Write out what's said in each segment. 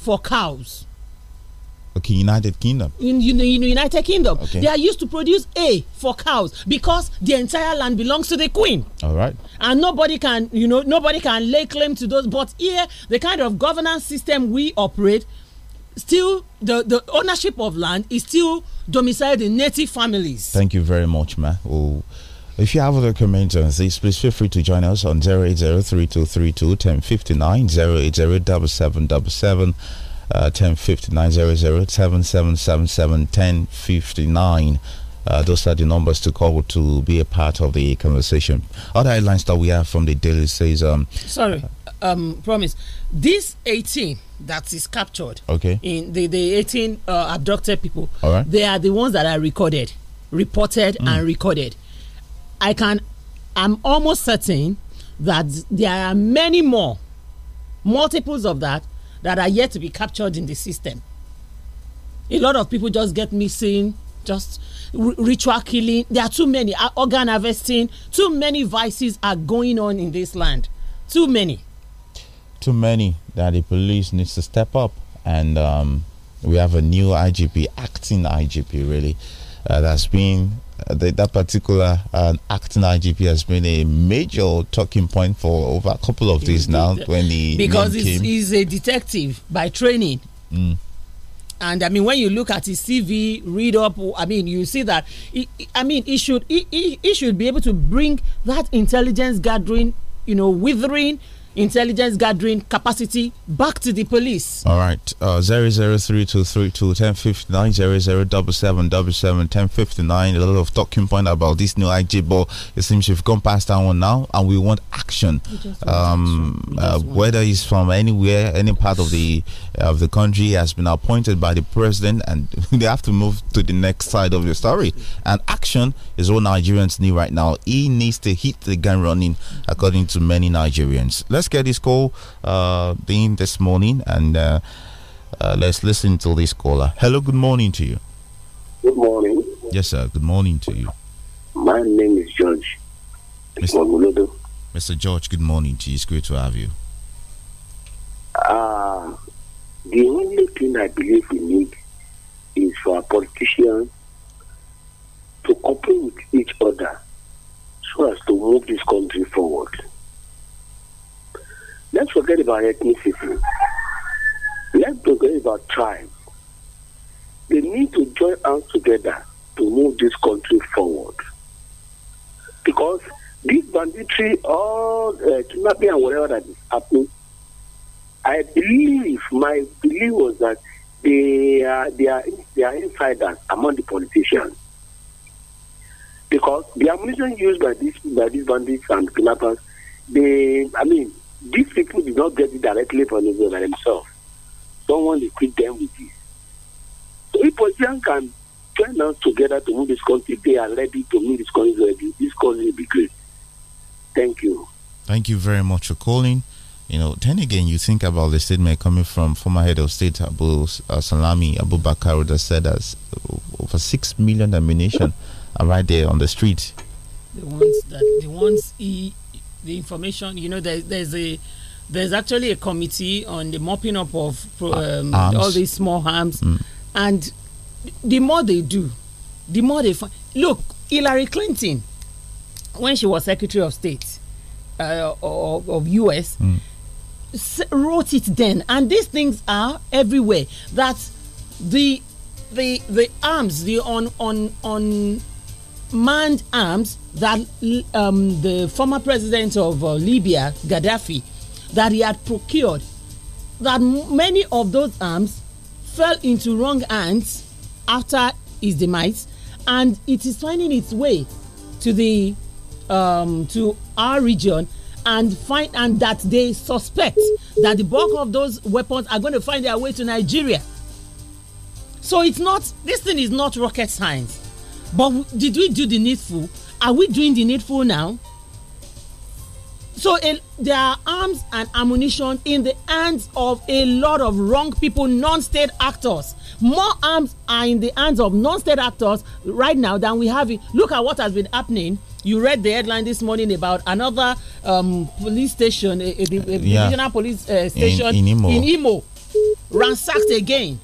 for cows. Okay, United Kingdom. In, in, in United Kingdom, okay. they are used to produce A for cows because the entire land belongs to the Queen. All right. And nobody can, you know, nobody can lay claim to those. But here, the kind of governance system we operate, still the the ownership of land is still domiciled in native families. Thank you very much, ma. Oh. If you have other comments on this, please feel free to join us on 080323210807777 uh, 1059 1059. Uh, those are the numbers to call to be a part of the conversation. Other headlines that we have from the Daily says, um, sorry, um, promise this 18 that is captured, okay, in the, the 18 uh, abducted people, all right, they are the ones that are recorded, reported, mm. and recorded. I can, I'm almost certain that there are many more, multiples of that, that are yet to be captured in the system. A lot of people just get missing, just ritual killing. There are too many uh, organ harvesting. Too many vices are going on in this land. Too many. Too many that the police needs to step up, and um, we have a new IGP, acting IGP, really, uh, that's been uh, the, that particular uh, acting IGP has been a major talking point for over a couple of days now. When he because he's, he's, a detective by training. Mm. And I mean, when you look at his CV, read up. I mean, you see that. He, I mean, he should he, he, he should be able to bring that intelligence gathering, you know, withering intelligence gathering capacity back to the police. All right, uh, zero zero three two three two ten fifty nine zero zero double seven double seven ten fifty nine. A lot of talking point about this new IG, but it seems we've gone past that one now, and we want action. We um, action. Uh, whether it's from anywhere, any part of the of the country, has been appointed by the president, and they have to move to the next side of the story. And action is what Nigerians need right now. He needs to hit the gun running, according to many Nigerians. Let's get this call uh, in this morning, and uh, uh, let's listen to this caller. Hello, good morning to you. Good morning. Yes, sir. Good morning to you. My name is George. Mr. Mr. George, good morning to you. It's great to have you. Uh, the only thing I believe we need is for our politicians to cooperate with each other so as to move this country forward. Let's forget about ethnicity. Let's forget about tribe. They need to join us together to move this country forward. Because this banditry, all uh, kidnapping and whatever that is happening, I believe, my belief was that they are, they are, they are insiders among the politicians. Because the ammunition used by these by these bandits and kidnappers, they I mean these people did not get it directly from themselves. Someone equipped them with this. So if politicians can join us together to move this country, they are ready to move this country ready. This country will be great. Thank you. Thank you very much for calling. You know, then again, you think about the statement coming from former head of state Abu uh, Salami Abu Bakar that said that uh, over six million ammunition are right there on the street. The ones that the ones he the information. You know, there, there's a there's actually a committee on the mopping up of uh, um, all these small harms, mm. and the more they do, the more they find. Look, Hillary Clinton, when she was Secretary of State uh, of, of US, mm. wrote it then, and these things are everywhere. That the the the arms, the on on on manned arms that um, the former president of uh, Libya, Gaddafi, that he had procured, that many of those arms fell into wrong hands after his demise, and it is finding its way to the um, to our region and find and that they suspect that the bulk of those weapons are going to find their way to Nigeria. So it's not this thing is not rocket science but did we do the needful? Are we doing the needful now? So uh, there are arms and ammunition in the hands of a lot of wrong people, non-state actors. More arms are in the hands of non-state actors right now than we have. It. Look at what has been happening. You read the headline this morning about another um, police station, a, a, a yeah. regional police uh, station in, in Imo, in Imo ransacked again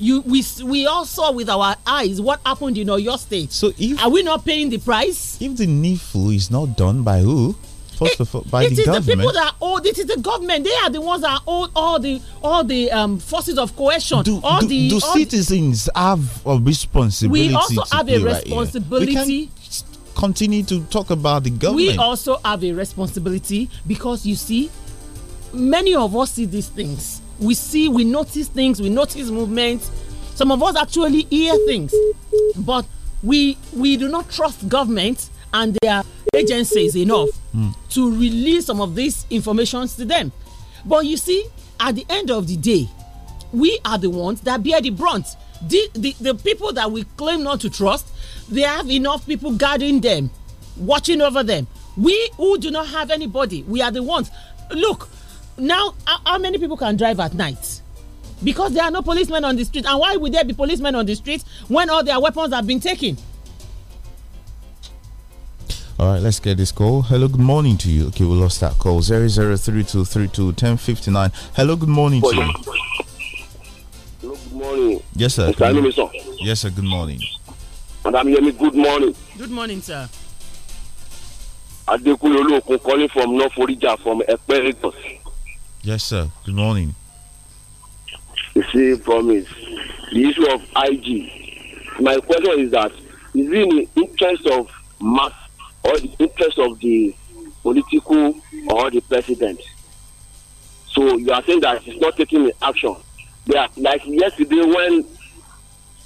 you we we all saw with our eyes what happened in your state. So if are we not paying the price? If the nifu is not done by who? First it, of all, by the government. It is the people that hold it is the government. They are the ones that hold all the all the um, forces of coercion. Do, all do, the do all citizens the, have a responsibility? We also have a responsibility. Right we can't continue to talk about the government. We also have a responsibility because you see, many of us see these things we see, we notice things, we notice movements. Some of us actually hear things, but we we do not trust government and their agencies enough mm. to release some of these informations to them. But you see, at the end of the day, we are the ones that bear the brunt. The, the, the people that we claim not to trust, they have enough people guarding them, watching over them. We who do not have anybody, we are the ones. Look, now how many people can drive at night? Because there are no policemen on the street. And why would there be policemen on the street when all their weapons have been taken? All right, let's get this call. Hello, good morning to you. Okay, we lost that call. Zero zero three two three two ten fifty nine. Hello, good morning to you. Hello, good morning. Yes, sir. Good morning. Yes, sir, good morning. Madam Yemi, good morning. Good morning, sir. Adekunle calling from North Florida, from Ekpe, Yes, sir. Good morning. You see, promise. The issue of IG. My question is that is it in the interest of mass or the interest of the political or the president? So you are saying that it's not taking action. Yeah, like yesterday when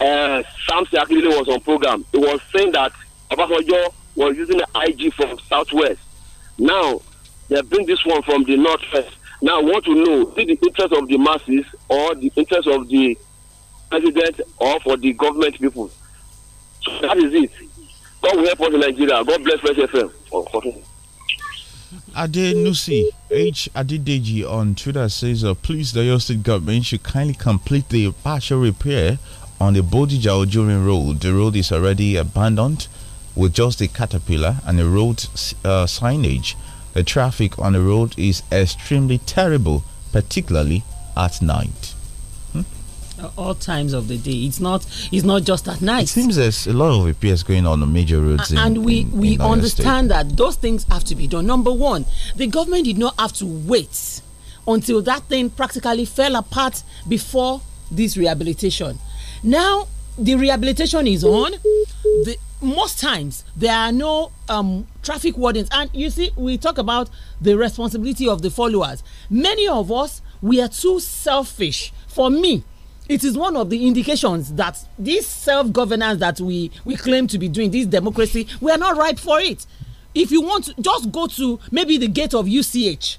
uh, Sam Siakile was on program, it was saying that Abakojo was using the IG from Southwest. Now they bring this one from the Northwest now, I want to know is the interest of the masses or the interest of the president or for the government people? So that is it. God will help us in Nigeria. God bless Fresh FM. Oh, Ade Nusi H. Adideji on Twitter says, uh, Please, the Oyo State government should kindly complete the partial repair on the Bodija Ojurin Road. The road is already abandoned with just a caterpillar and a road uh, signage the traffic on the road is extremely terrible, particularly at night. Hmm? At All times of the day. It's not. It's not just at night. It seems there's a lot of repairs going on on major roads. A in, and we in, we in understand that those things have to be done. Number one, the government did not have to wait until that thing practically fell apart before this rehabilitation. Now the rehabilitation is on. The, most times there are no um, traffic wardens, and you see, we talk about the responsibility of the followers. Many of us we are too selfish. For me, it is one of the indications that this self-governance that we we claim to be doing, this democracy, we are not ripe for it. If you want to just go to maybe the gate of UCH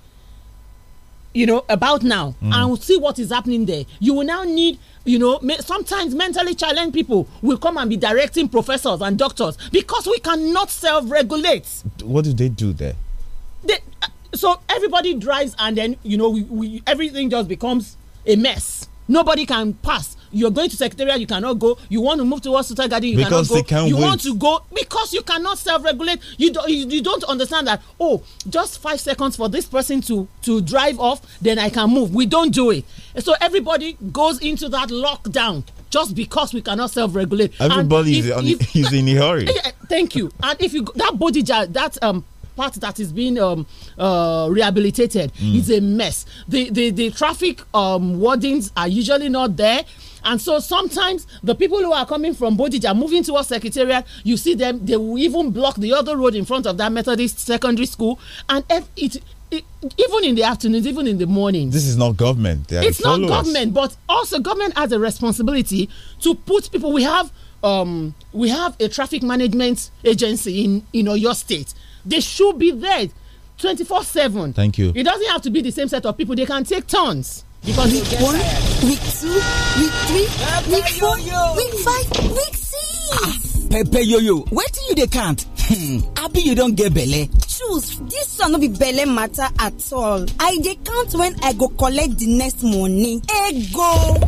you know about now mm. and see what is happening there you will now need you know sometimes mentally challenged people will come and be directing professors and doctors because we cannot self-regulate what do they do there they, uh, so everybody drives and then you know we, we everything just becomes a mess nobody can pass you're going to secretariat you cannot go you want to move towards social garden you because cannot go you wait. want to go because you cannot self-regulate you, do, you, you don't understand that oh just five seconds for this person to to drive off then i can move we don't do it so everybody goes into that lockdown just because we cannot self-regulate everybody if, is, on, if, is in a hurry thank you and if you that body that um part that is being um, uh, rehabilitated mm. is a mess. The the the traffic um, wardings are usually not there. And so sometimes the people who are coming from Bodija moving towards Secretariat, you see them, they will even block the other road in front of that Methodist secondary school. And if it, it, even in the afternoons, even in the morning. This is not government. It's not government, but also government has a responsibility to put people. We have um, we have a traffic management agency in in your state They should be there 24 7. Thank you. It doesn't have to be the same set of people, they can take turns because week one week two week three week four week five week six. Ah, pepper yoyo wetin you dey count hmm, abi you don get belle. choose This one no be belle matter at all i dey count when i go collect the next money ego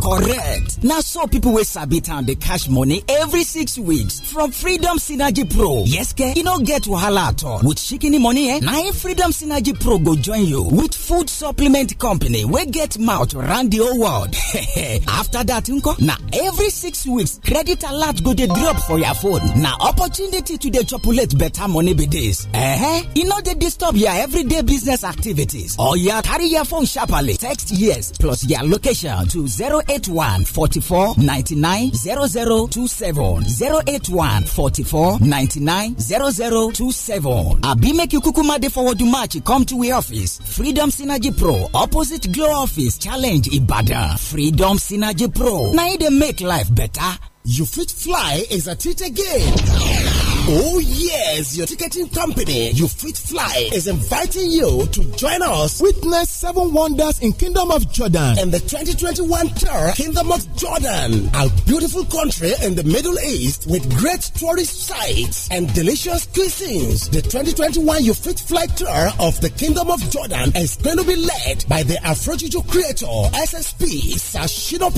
correct na so people wey sabi town dey cash money every six weeks from freedom synergy pro yes ke e no get wahala at all with shikini money eh na im freedom synergy pro go join you with food supplement company wey get mouth round the whole world after that nko na every six weeks credit alert go dey drop for your phone na opportunity to dey chopulate better money be dis eh e no dey disturb your everyday business activities or your carry your phone sharparly text yes plus your location to zero eight one forty four ninety nine zero zero two seven zero eight one forty four ninety nine zero zero two seven àbí make you kúkú dey forward to match come to we office freedom synergy pro opposite glow office challenge Ibadan freedom synergy pro na e dey make life better. You Fit Fly is at it again. Oh yes, your ticketing company, You Fit Fly, is inviting you to join us. Witness seven wonders in Kingdom of Jordan and the 2021 tour Kingdom of Jordan, a beautiful country in the Middle East with great tourist sites and delicious cuisines. The 2021 You Fit Fly tour of the Kingdom of Jordan is going to be led by the Afrojuju creator SSP Sashino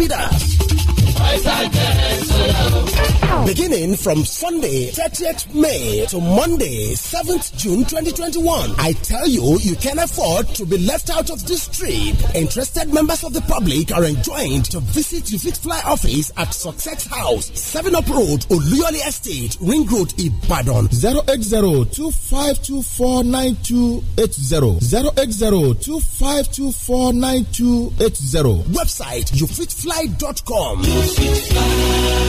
Beginning from Sunday, 30th May to Monday, 7th June 2021, I tell you, you can afford to be left out of this trip. Interested members of the public are enjoined to visit Ufit Fly office at Success House, 7 Up Road, Oluyole Estate, Ring Road, Ibadan. 080-2524-9280. 080-2524-9280. Website, ufitfly.com. You fly.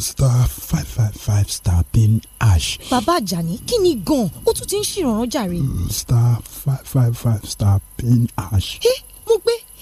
star five five five star pin hash. bàbá àjàní kí ni gan-an ó tún ti ń ṣèrànràn jàre. star five five five star pin hash. ẹ mo gbé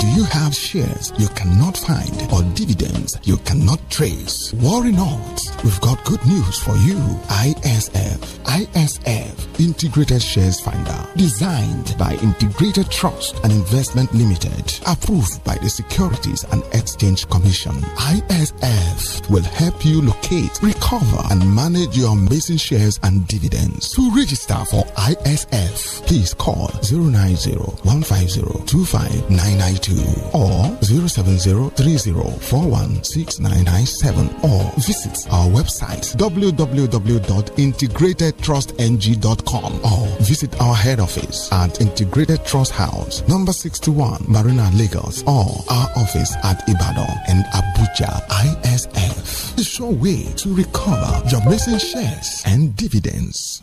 Do you have shares you cannot find or dividends you cannot trace? Worry not. We've got good news for you. ISF. ISF Integrated Shares Finder. Designed by Integrated Trust and Investment Limited. Approved by the Securities and Exchange Commission. ISF will help you locate, recover, and manage your missing shares and dividends. To register for ISF, please call 090 150 25992 or 0703041697 or visit our website www.integratedtrustng.com or visit our head office at Integrated Trust House number 61 Marina Lagos or our office at Ibadan and Abuja ISF. The sure way to recover your missing shares and dividends.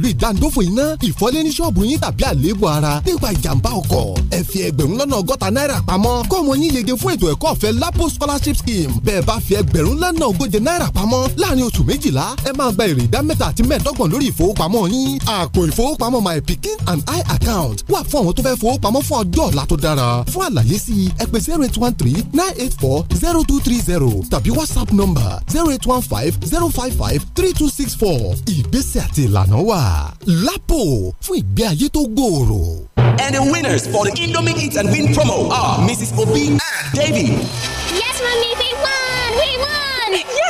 pẹ̀lú ìdáǹdófò iná ìfọ́lé ní ṣọ́ọ̀bù yín tàbí àléébù ara nípa ìjàmbá ọkọ̀ ẹ fi ẹgbẹ̀rún lọ́nà ọgọ́ta náírà pamọ́ kọ́mọ yín yege fún ètò ẹ̀kọ́ ọ̀fẹ́ lapo scholarship scheme bẹ́ẹ̀ bá fi ẹgbẹ̀rún lọ́nà ogóje náírà pamọ́ láàrin oṣù méjìlá ẹ máa gba èrè ìdá mẹ́ta àti mẹ́ẹ̀ẹ́dọ́gbọ̀n lórí ìfowópamọ́ yín ìgbésẹ̀ àti ìlànà wà. lápò fún ìgbé ayé tó gbòòrò. And the winners for the Indomie Eat and Win promo are Mrs. Obi and Davy. Yes, mommy,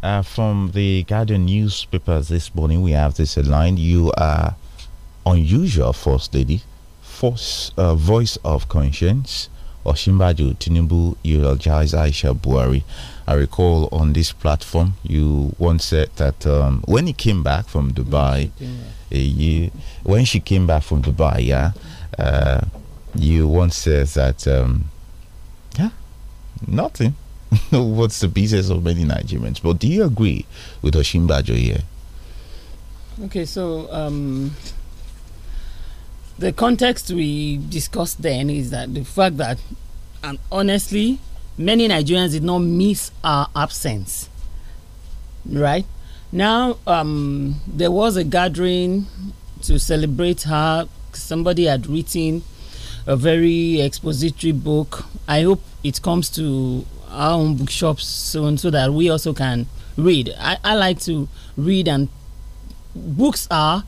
Uh, from the Guardian newspapers this morning, we have this line You are unusual, First Lady, force, uh, voice of conscience. Oshimbaju Tinubu eulogize Aisha Buhari. I recall on this platform you once said that um, when he came back from Dubai, a year, when she came back from Dubai, yeah, uh, you once said that, um, yeah, nothing what's the business of many Nigerians. But do you agree with Oshimbajo here? Okay, so um, the context we discussed then is that the fact that, and honestly, many Nigerians did not miss our absence, right? Now, um, there was a gathering to celebrate her. Somebody had written a very expository book. I hope it comes to our own bookshops soon so that we also can read. I, I like to read, and books are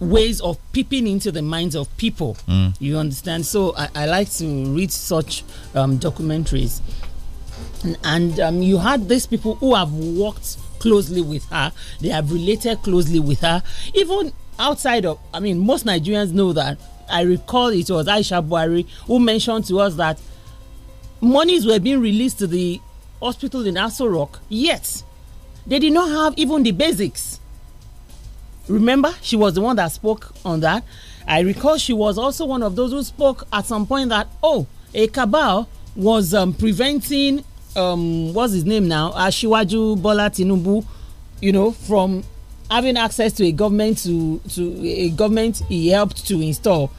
ways of peeping into the minds of people. Mm. You understand? So I, I like to read such um, documentaries. And, and um, you had these people who have worked closely with her, they have related closely with her. Even outside of, I mean, most Nigerians know that. I recall it was Aisha Bari who mentioned to us that monies were being released to the hospital in Aso Rock, yet they did not have even the basics. Remember, she was the one that spoke on that. I recall she was also one of those who spoke at some point that, oh, a cabal was um, preventing, um, what's his name now, Ashiwaju Bola Tinubu, you know, from having access to a government to, to a government he helped to install.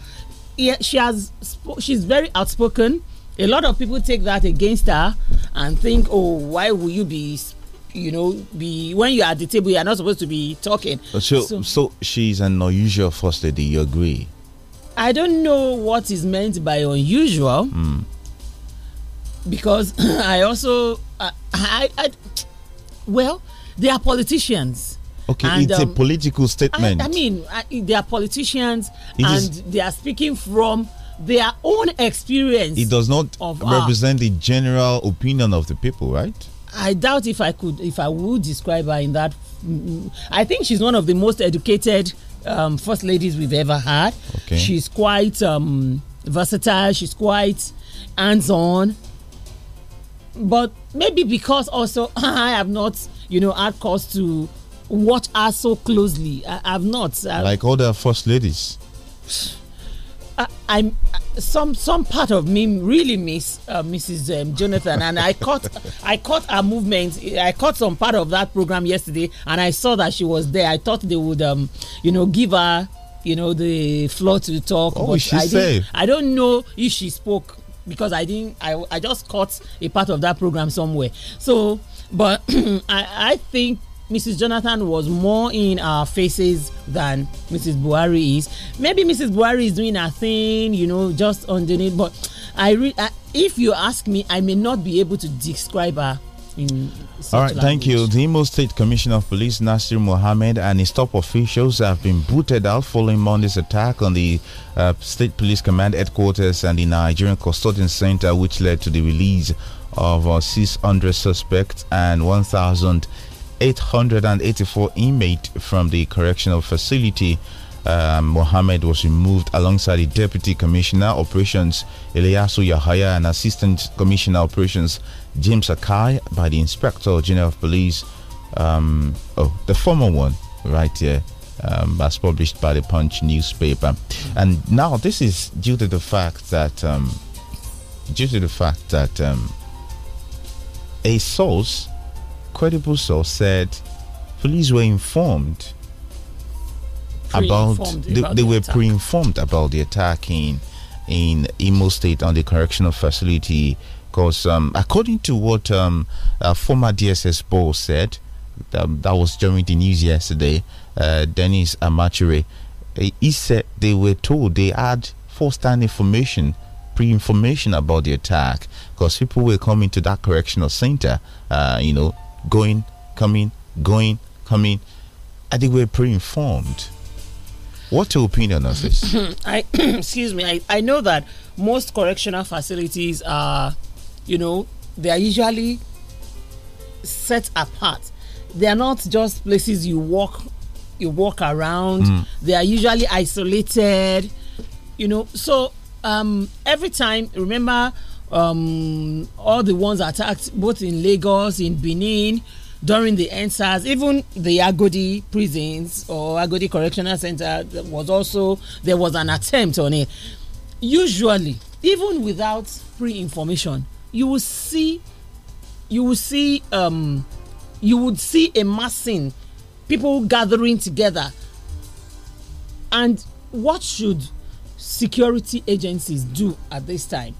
Yeah, she has she's very outspoken a lot of people take that against her and think oh why will you be you know be when you're at the table you're not supposed to be talking so so, so she's an unusual first lady you agree i don't know what is meant by unusual mm. because i also I, I, I well they are politicians Okay, and, it's um, a political statement. I, I mean, I, they are politicians it and is, they are speaking from their own experience. It does not represent the general opinion of the people, right? I doubt if I could, if I would describe her in that. Mm, I think she's one of the most educated um, first ladies we've ever had. Okay. She's quite um, versatile. She's quite hands-on. But maybe because also I have not, you know, had cause to watch her so closely. I have not. I've uh, like all the first ladies. I, I'm uh, some some part of me really miss uh, Mrs. Um, Jonathan, and I caught I caught her movement. I caught some part of that program yesterday, and I saw that she was there. I thought they would, um, you know, give her, you know, the floor to talk. What but she I say? I don't know if she spoke because I didn't. I I just caught a part of that program somewhere. So, but I I think Mrs. Jonathan was more in our faces than Mrs. Buhari is. Maybe Mrs. Buhari is doing her thing, you know, just underneath. But I, re- I, if you ask me, I may not be able to describe her all right language. thank you the Imo State Commissioner of Police Nasir Mohammed and his top officials have been booted out following Monday's attack on the uh, State Police Command headquarters and the Nigerian Custodian Center which led to the release of uh, 600 suspects and 1000 884 inmate from the correctional facility. Um, Mohammed was removed alongside the Deputy Commissioner Operations Eliasu Yahaya and Assistant Commissioner Operations James Akai by the Inspector General of Police. Um, oh, the former one right here. Um, as published by the Punch newspaper, and now this is due to the fact that um, due to the fact that um, a source credible source said police were informed about, they, about they the were pre-informed about the attack in in Imo State on the correctional facility. Because um, according to what um, former DSS boss said, that, um, that, was during the news yesterday, uh, Dennis Amachere, he said they were told they had first-hand information, pre-information about the attack, because people were coming to that correctional center, uh, you know, going, coming, going, coming. I think we're pretty informed. What's your opinion on this? I excuse me. I, I know that most correctional facilities are, you know, they are usually set apart. They are not just places you walk you walk around. Mm. They are usually isolated. You know, so um, every time remember um, all the ones attacked both in Lagos, in Benin, during the NSAS, even the Agodi prisons or Agodi Correctional Center was also there was an attempt on it. Usually, even without pre-information, you will see, you will see, um, you would see a massing, people gathering together. And what should security agencies do at this time?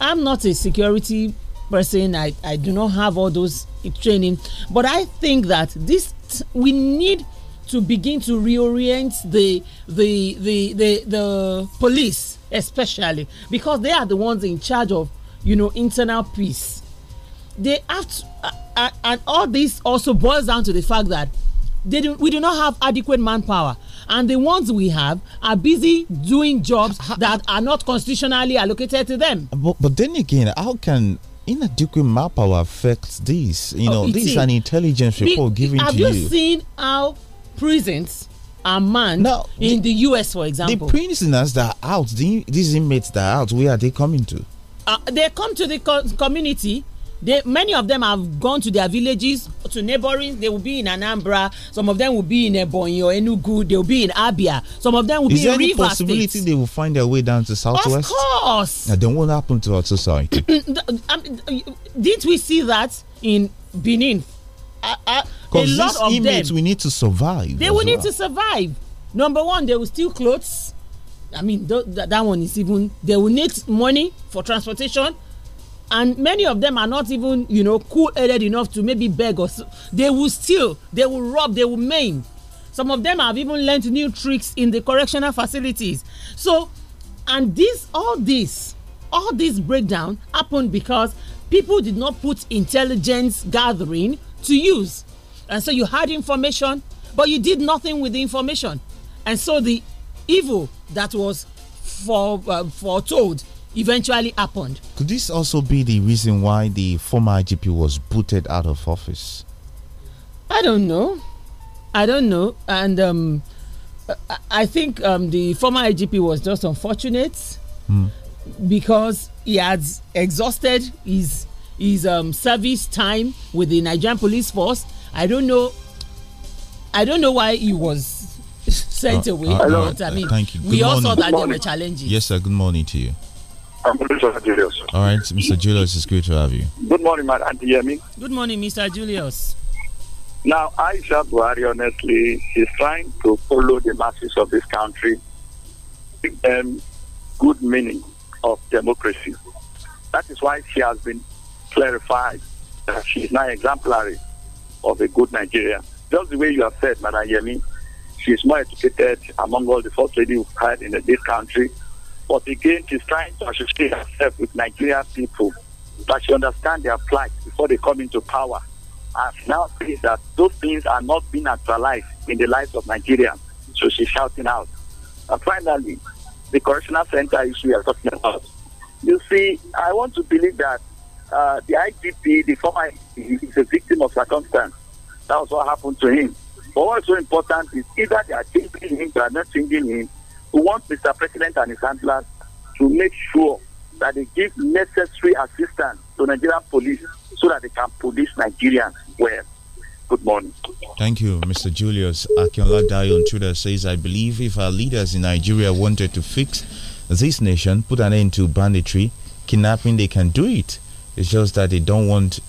I'm not a security person. I, I do not have all those training. But I think that this we need to begin to reorient the the the the, the police especially because they are the ones in charge of you know internal peace they have to, uh, uh and all this also boils down to the fact that they do, we do not have adequate manpower and the ones we have are busy doing jobs that are not constitutionally allocated to them. But, but then again, how can inadequate manpower affect this? You oh, know, oh, this is an intelligence report Be, given to you. Have you seen how prisons? are manned now, in the, the, US, for example. The prisoners that are out, the, these inmates that are out, where are they coming to? Uh, they come to the co community they many of them have gone to their villages to neighboring they will be in anambra some of them will be in ebonyi or enugu they will be in abia some of them will is be in rivers is there any possibility States. they will find their way down to southwest of course now, then what happened to our society um, didn't we see that in benin because uh, uh, these them, we need to survive they will well. need to survive number one they will steal clothes i mean th th that one is even they will need money for transportation and many of them are not even you know cool-headed enough to maybe beg or so. they will steal they will rob they will maim some of them have even learned new tricks in the correctional facilities so and this all this all this breakdown happened because people did not put intelligence gathering to use and so you had information but you did nothing with the information and so the evil that was uh, foretold eventually happened. Could this also be the reason why the former IGP was booted out of office? I don't know. I don't know. And um, I think um, the former IGP was just unfortunate mm. because he had exhausted his his um, service time with the Nigerian police force. I don't know. I don't know why he was sent uh, away. Uh, uh, I mean, thank you. Good we morning. all saw that there were challenges. Yes, sir. Good morning to you. I'm Mr. Julius. All right, Mr. Julius, it's great to have you. Good morning, Madam Yemi. Good morning, Mr. Julius. Now, Aisha Buhari, honestly, is trying to follow the masses of this country, give them good meaning of democracy. That is why she has been clarified that she is now exemplary of a good Nigeria. Just the way you have said, Madam Yemi, she is more educated among all the first ladies we've had in this country but again, she's trying to associate herself with Nigerian people that she understand their plight before they come into power. And now sees that those things are not being actualized in the lives of Nigerians. So she's shouting out. And finally, the correctional center issue we are talking about. You see, I want to believe that uh, the IGP, the former, is a victim of circumstance. That was what happened to him. But what's so important is either they are changing him, they are not changing him, we want Mr. President and his handlers to make sure that they give necessary assistance to Nigerian police so that they can police Nigerians well. Good morning. Thank you, Mr. Julius Akinola Dayo on Twitter says, I believe if our leaders in Nigeria wanted to fix this nation, put an end to banditry, kidnapping, they can do it. It's just that they don't want,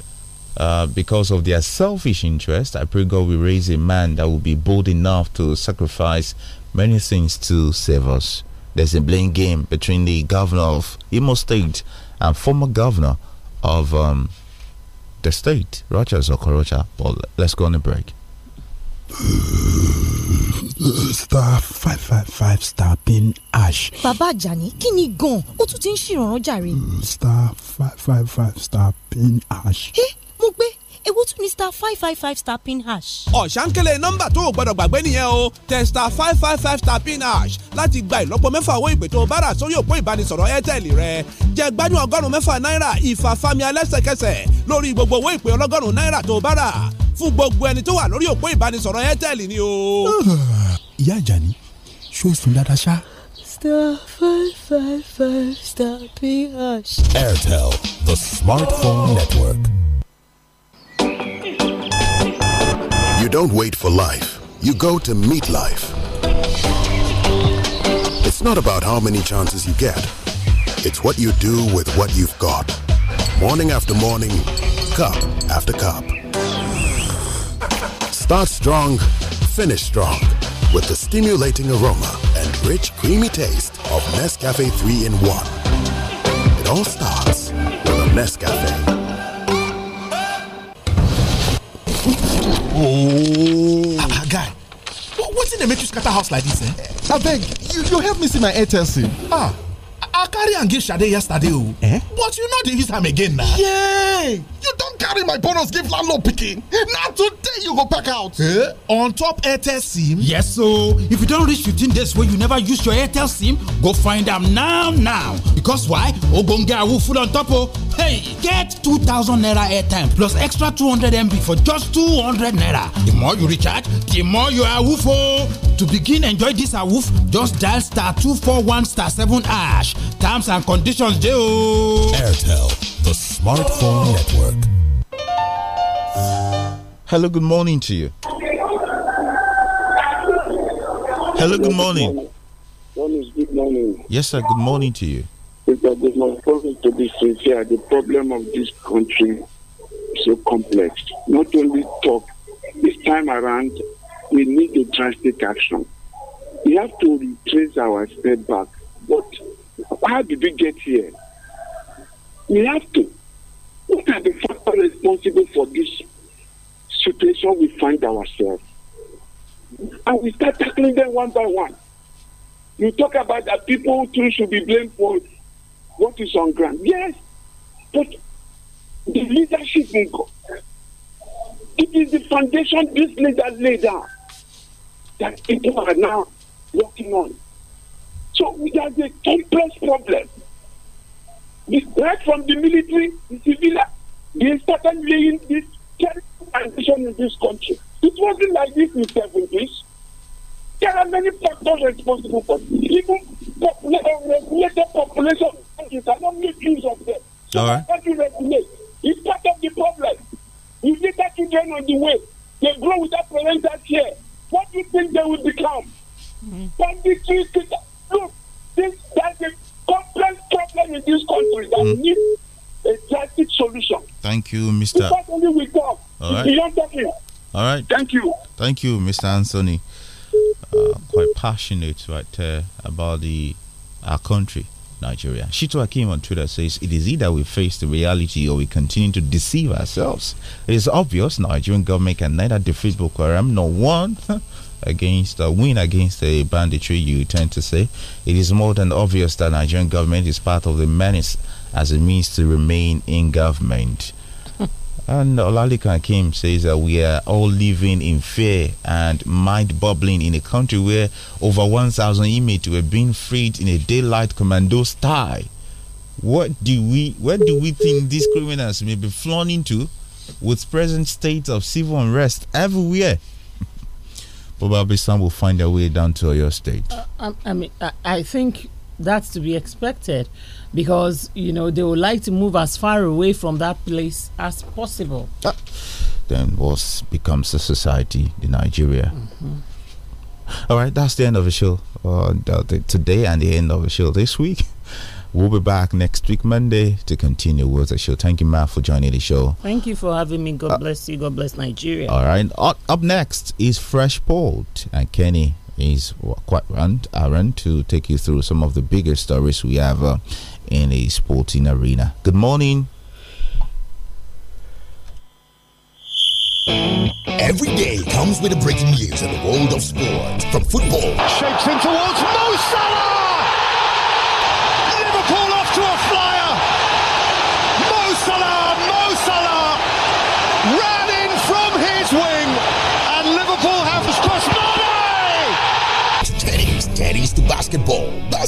uh, because of their selfish interest. I pray God will raise a man that will be bold enough to sacrifice many things to save us. There's a blame game between the governor of Imo State and former governor of um, the state, Rogers Okorocha. But let's go on a break. star five five five star pin ash. bàbá Jani, kini ni gan-an ó tún ti ń jàre. star five five five star pin ash. ẹ eh, mo gbé èwo tún ni star five five five star pin hash. ọ̀sánkélé nọ́mbà tó o gbọ́dọ̀ gbàgbé nìyẹn o tẹ star five five five star pin hash láti gba ìlọ́po mẹ́fà owó ìpè tó o bára sórí òpó ìbánisọ̀rọ̀ airtel rẹ jẹ gbádùn ọgọ́rùn-ún mẹ́fà náírà ìfàfàmì alẹ́sẹ̀kẹsẹ̀ lórí gbogbo owó ìpè ọlọ́gọ́rùn-ún náírà tó o bára fún gbogbo ẹni tó wà lórí òpó ìbánisọ̀rọ̀ airtel ni o. ìyá ìjàní ṣó o sùn dáadáa ṣá. star five five five star pin hash. airtel the smartphone network. don't wait for life, you go to meet life. It's not about how many chances you get, it's what you do with what you've got. Morning after morning, cup after cup. Start strong, finish strong with the stimulating aroma and rich, creamy taste of Nescafe 3 in 1. It all starts with a Nescafe. ooo oh. ah, ah guy wetin dey make you scatter house like this? eh abeg you you help me see my airtel sim ah i carry am give Sade yesterday o oh. eh but you no dey use am again na yeah you don carry my bonus give landlord picking. Now today you go back out eh on top airtel sim yes so if you don't reach 15 days where you never use your airtel sim go find them now now because why ogbonge will full on top o oh. hey get 2000 naira airtime plus extra 200mb for just 200 naira the more you recharge the more you awoof o oh. to begin enjoy this woof. just dial star 241 star 7 ash terms and conditions dey airtel the smartphone network Hello, good morning to you. Hello, good morning. Good morning. Yes, sir, good morning to you. Good morning. To be sincere, the problem of this country is so complex. Not only talk, this time around, we need a drastic action. We have to retrace our step back. What? How did we get here? We have to. What are the factors responsible for this situation we find ourselves. And we start tackling them one by one. You talk about that people too should be blamed for what is on ground. Yes, but the leadership in God, it is the foundation this leader laid down that people are now working on. So there's a complex problem. Right from the military, the civil, they started laying this in this country. It wasn't like this in the 70s. There are many factors responsible for this. Even uh, regulated population, you cannot make use of them. So All right. part of the problem. You see that children on the way. They grow without parental care. What do you think they will become? Mm-hmm. look, this, that's a complex problem in this country that mm -hmm. needs a drastic solution. Thank you, Mr. Because only we talk, right. All right. Thank you. Thank you, Mr. Anthony. Uh, quite passionate right uh, about the our country, Nigeria. Shito Akim on Twitter says it is either we face the reality or we continue to deceive ourselves. It is obvious Nigerian government can neither defeat Boko Haram nor one. Uh, against a win against the banditry you tend to say it is more than obvious that nigerian government is part of the menace as a means to remain in government and Olalikan Kim says that we are all living in fear and mind bubbling in a country where over 1,000 inmates were being freed in a daylight commando style. What do we, where do we think these criminals may be flown into with present state of civil unrest everywhere? Probably some will find their way down to your state. Uh, I, um, I mean, I, I think that's to be expected because you know they would like to move as far away from that place as possible ah, then what becomes the society in nigeria mm -hmm. All right, that's the end of the show uh, the, today and the end of the show this week. We'll be back next week, Monday, to continue with the show. Thank you, Matt, for joining the show. Thank you for having me. God uh, bless you. God bless Nigeria. All right. Up, up next is Fresh Port and Kenny is quite around, around to take you through some of the bigger stories we have uh, in a sporting arena. Good morning. Every day comes with a breaking news in the world of sports. From football, Shakes in towards Mo Salah. basketball.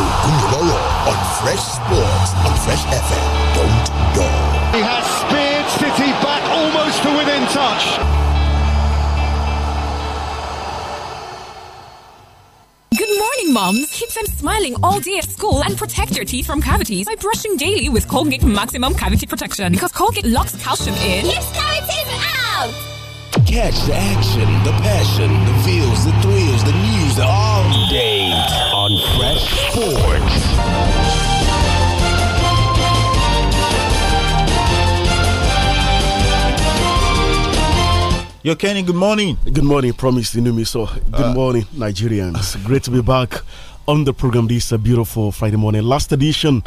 on Fresh Sports on Fresh FM. Don't go. He has speared City back almost to within touch. moms, keep them smiling all day at school and protect your teeth from cavities by brushing daily with Colgate Maximum Cavity Protection because Colgate locks calcium in. Keeps cavities out! catch the action, the passion, the feels, the thrills, the news all day on Fresh Sports. Yo, Kenny, good morning. Good morning, promise me, So, good uh, morning, Nigerians. Great to be back on the program this beautiful Friday morning. Last edition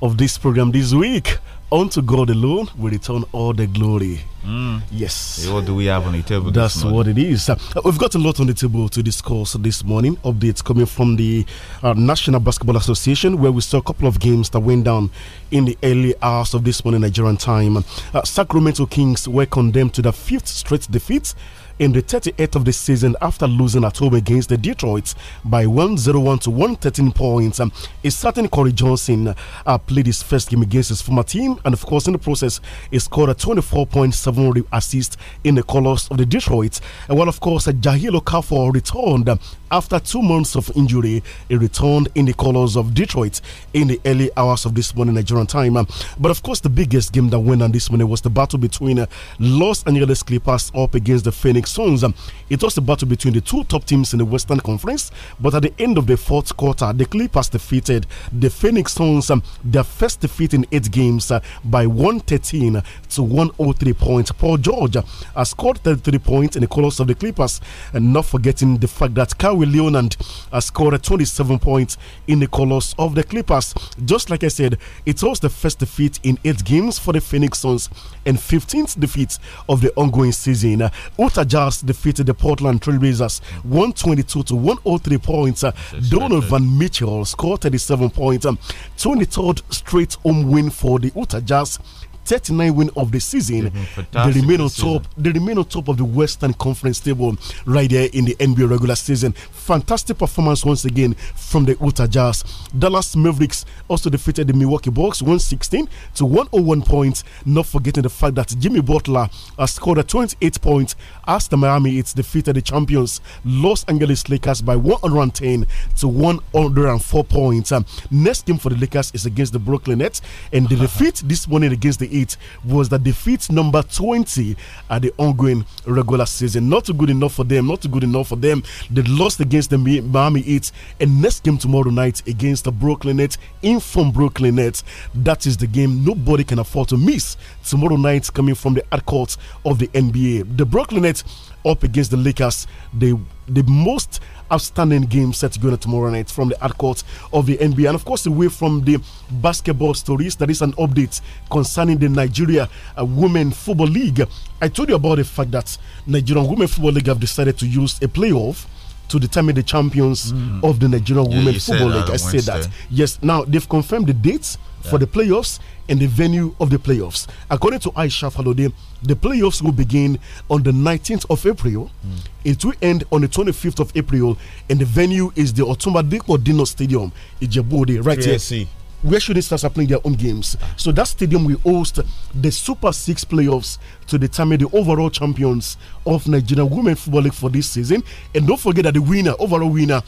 of this program this week. Unto God alone we return all the glory. Mm. Yes. What do we have on the table? That's what it is. Uh, we've got a lot on the table to discuss this morning. Updates coming from the uh, National Basketball Association, where we saw a couple of games that went down in the early hours of this morning Nigerian time. Uh, Sacramento Kings were condemned to the fifth straight defeat in the 38th of the season after losing at home against the Detroit by 101 to 113 points. Um, a certain Corey Johnson uh, played his first game against his former team, and of course, in the process, he scored a 24.7 assist in the colors of the Detroit. And while, of course, uh, Jahilo Kafor returned um, after two months of injury, he returned in the colors of Detroit in the early hours of this morning, Nigerian time. But of course, the biggest game that went on this morning was the battle between uh, Los Angeles Clippers up against the Phoenix Suns. It was the battle between the two top teams in the Western Conference, but at the end of the fourth quarter, the Clippers defeated the Phoenix Suns, um, their first defeat in eight games, uh, by 113 to 103 points. Paul George uh, has scored 33 points in the colors of the Clippers, and not forgetting the fact that Kawhi Kawhi Leonard has scored 27 points in the colors of the Clippers. Just like I said, it was the first defeat in eight games for the Phoenix Suns and 15th defeat of the ongoing season. Utah Jazz defeated the Portland Trailblazers 122 to 103 points. Donald Van Mitchell scored 37 points, 23rd straight home win for the Utah Jazz. 39 win of the season. They remain on top. Season. They remain on top of the Western Conference table right there in the NBA regular season. Fantastic performance once again from the Utah Jazz. Dallas Mavericks also defeated the Milwaukee Bucks 116 to 101 points. Not forgetting the fact that Jimmy Butler has scored a 28 points as the Miami Heat defeated the champions Los Angeles Lakers by 110 to 104 points. Um, next game for the Lakers is against the Brooklyn Nets, and the defeat this morning against the it was the defeat number 20 at the ongoing regular season. Not good enough for them, not good enough for them. They lost against the Miami Heat and next game tomorrow night against the Brooklyn Nets in from Brooklyn Nets. That is the game nobody can afford to miss tomorrow night coming from the court of the NBA. The Brooklyn Nets up against the Lakers, the the most outstanding game set to go tomorrow night from the court of the NBA. And of course, away from the basketball stories, there is an update concerning the Nigeria uh, Women Football League. I told you about the fact that Nigerian Women Football League have decided to use a playoff to determine the champions mm. of the Nigerian yeah, Women Football League. Uh, I say that. Yes, now they've confirmed the dates yeah. for the playoffs and the venue of the playoffs. According to Aisha Falode, the playoffs will begin on the 19th of April. Mm. It will end on the 25th of April, and the venue is the Otumba Dikmo Dino Stadium, Ijebuode, right here where should they start playing their own games. So that stadium will host the Super Six playoffs to determine the overall champions of Nigerian Women Football League for this season. And don't forget that the winner, overall winner,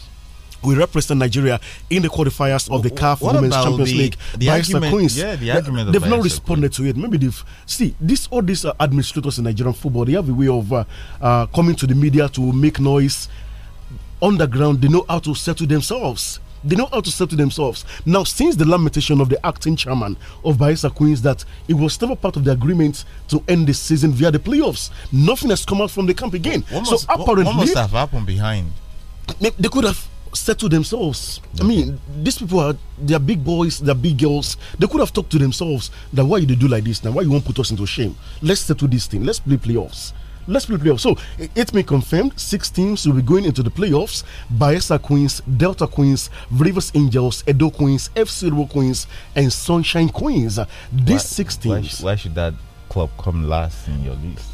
we represent Nigeria in the qualifiers of the CAF what Women's Champions the, League. The argument, Queens. Yeah, the argument. They've not responded to it. Maybe they've see this. All these uh, administrators in Nigerian football, they have a way of uh, uh, coming to the media to make noise. Underground, they know how to settle themselves. They know how to save to themselves. Now, since the lamentation of the acting chairman of Baisa Queens that it was never part of the agreement to end the season via the playoffs, nothing has come out from the camp again. so apparently, almost have happened behind? They could have settled themselves. I mean, these people are they are big boys, they're big girls. They could have talked to themselves that why you do like this now, why you won't put us into shame. Let's settle this thing. Let's play playoffs. Let's play playoffs. So it's been confirmed six teams will be going into the playoffs Bayesa Queens, Delta Queens, Rivers Angels, Edo Queens, FC Rural Queens, and Sunshine Queens. These why, six teams. Why, why should that club come last in your list?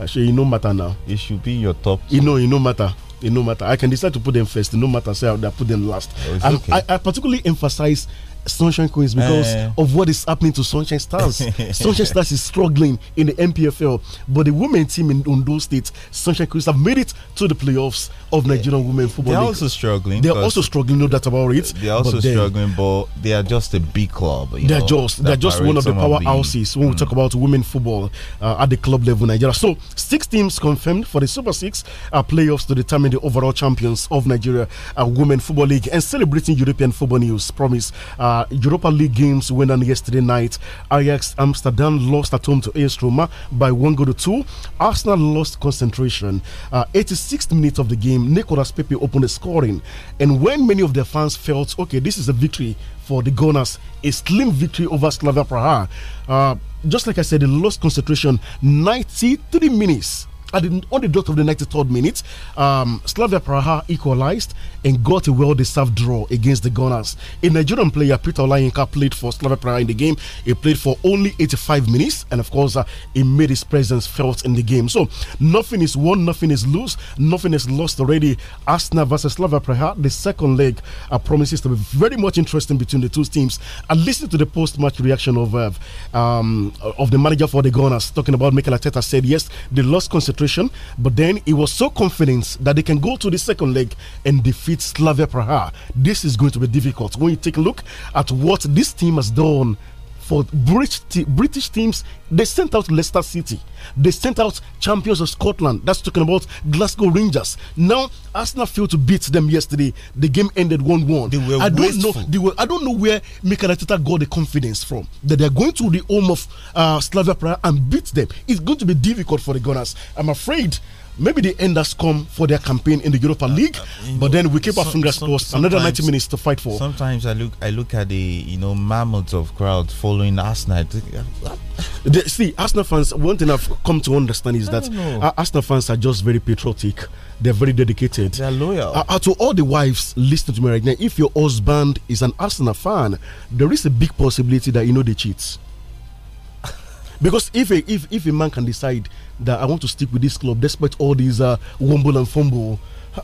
Actually, it no matter now. It should be your top. Two. You know, it no matter. It no matter. I can decide to put them first. It no matter. Say so I put them last. Oh, okay. I, I particularly emphasize Sunshine Queens because uh, of what is happening to Sunshine Stars. Sunshine Stars is struggling in the MPFL, but the women team in Ondo State, Sunshine Queens, have made it to the playoffs of Nigerian women football. They're league. also struggling. They're also struggling. No doubt about it. They're also but struggling, but they are just a big club. they're know, just they're just one of the powerhouses when mm. we talk mm. about women football uh, at the club level Nigeria. So six teams confirmed for the Super Six uh, playoffs to determine the overall champions of Nigeria uh, Women Football League. And celebrating European football news, promise uh, Europa League games went on yesterday night. Ajax Amsterdam lost at home to AS Roma by one goal to two. Arsenal lost concentration. 86th uh, minute of the game game, Nicolas Pepe opened the scoring. And when many of the fans felt, okay, this is a victory for the Gunners, a slim victory over Slavia Praha, uh, just like I said, they lost concentration 93 minutes the, on the dot of the 93rd minute, um, Slavia Praha equalized and got a well deserved draw against the Gunners. A Nigerian player, Peter Olayinka, played for Slavia Praha in the game. He played for only 85 minutes, and of course, uh, he made his presence felt in the game. So, nothing is won, nothing is lost, nothing is lost already. Arsenal versus Slavia Praha, the second leg, uh, promises to be very much interesting between the two teams. And listen to the post match reaction of, uh, um, of the manager for the Gunners, talking about Mikel Arteta, said, Yes, they lost concentration but then he was so confident that they can go to the second leg and defeat Slavia Praha. This is going to be difficult. When you take a look at what this team has done for British, British teams, they sent out Leicester City. They sent out champions of Scotland. That's talking about Glasgow Rangers. Now Arsenal failed to beat them yesterday. The game ended one-one. They were I don't wasteful. know. They were. I don't know where Mikel Arteta got the confidence from that they're going to the home of uh, Slavia Praha and beat them. It's going to be difficult for the Gunners. I'm afraid Maybe they end us come for their campaign in the Europa League, but then we keep so, our fingers so, crossed. Another 90 minutes to fight for. Sometimes I look, I look at the you know mammoth of crowd following Arsenal. the, see, Arsenal fans. One thing I've come to understand is that Arsenal fans are just very patriotic. They're very dedicated. They're loyal. Uh, to all the wives listening to me right now, if your husband is an Arsenal fan, there is a big possibility that you know they cheat because if a if if a man can decide that I want to stick with this club despite all these uh, wumble and fumble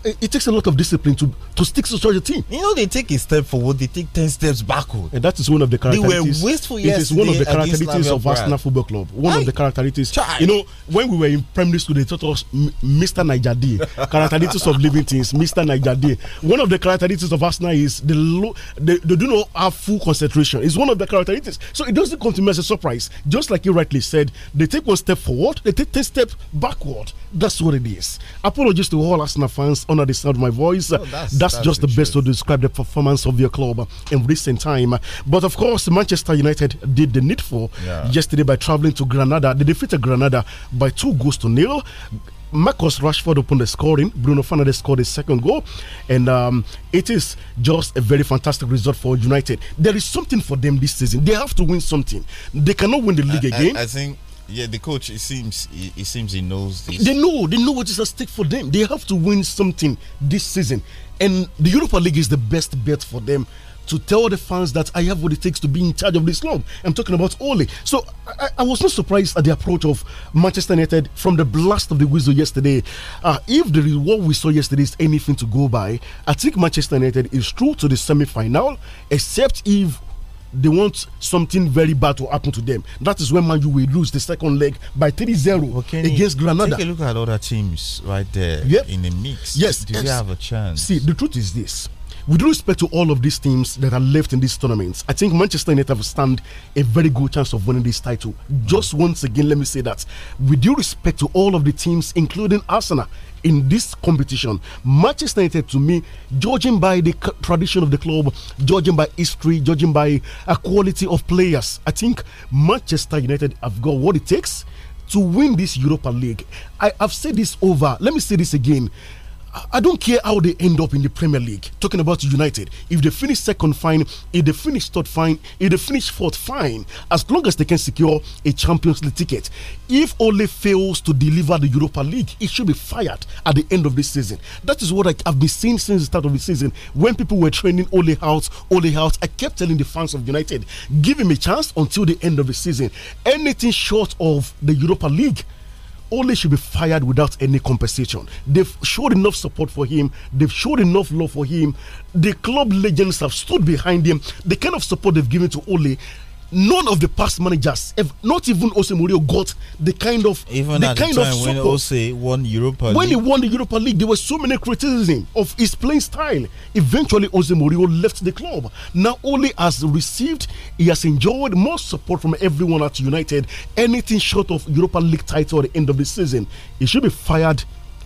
it takes a lot of discipline to to stick to such a team. You know, they take a step forward, they take ten steps backward. And that is one of the characteristics. They were wasteful It is one of the characteristics of Arsenal Football Club. One Aye. of the characteristics. Try. You know, when we were in primary school, they taught us Mr. Nigerde, characteristics of living things, Mr. Nigerde. One of the characteristics of Arsenal is the low, they, they, do not have full concentration. It's one of the characteristics. So it doesn't come to me as a surprise. Just like you rightly said, they take one step forward, they take ten steps backward. That's what it is. Apologies to all Arsenal fans fans under the sound of my voice. Oh, that's, that's, that's, just the best to describe the performance of your club in recent time. But of course, Manchester United did the needful yeah. yesterday by traveling to Granada. They defeated Granada by two goals to nil. Marcus Rashford opened the scoring. Bruno Fernandes scored his second goal, and um, it is just a very fantastic result for United. There is something for them this season. They have to win something. They cannot win the league I, again. I, I think yeah, the coach. It seems. It, seems he knows this. They know. They know what is at stake for them. They have to win something this season, and the Europa League is the best bet for them to tell the fans that I have what it takes to be in charge of this club. I'm talking about Ole. So I, I was not surprised at the approach of Manchester United from the blast of the whistle yesterday. Uh, if the reward we saw yesterday is anything to go by, I think Manchester United is through to the semi-final, except if they want something very bad to happen to them. That is when Man U will lose the second leg by 3 0 okay, against Granada. Take a look at other teams right there yep. in the mix. Yes, do yes. they have a chance? See, the truth is this With respect to all of these teams that are left in these tournaments, I think Manchester United stand a very good chance of winning this title. Just once again, let me say that. With due respect to all of the teams, including Arsenal, in this competition. Manchester United, to me, judging by the tradition of the club, judging by history, judging by a uh, quality of players, I think Manchester United have got what it takes to win this Europa League. I have said this over. Let me say this again. I don't care how they end up in the Premier League. Talking about United, if they finish second, fine. If they finish third, fine. If they finish fourth, fine. As long as they can secure a Champions League ticket. If Ole fails to deliver the Europa League, he should be fired at the end of this season. That is what I, have been seeing since the start of the season. When people were training Ole out, Ole out, I kept telling the fans of United, give him a chance until the end of the season. Anything short of the Europa League Ole should be fired without any compensation. They've showed enough support for him, they've showed enough love for him. The club legends have stood behind him. The kind of support they've given to Ole none of the past managers, if not even Jose Mourinho, got the kind of even the kind the of support. when Jose won Europa League. when he won the Europa League, there were so many criticism of his playing style. Eventually, Jose Mourinho left the club. Now, only has received, he has enjoyed more support from everyone at United. Anything short of Europa League title at the end of the season, he should be fired.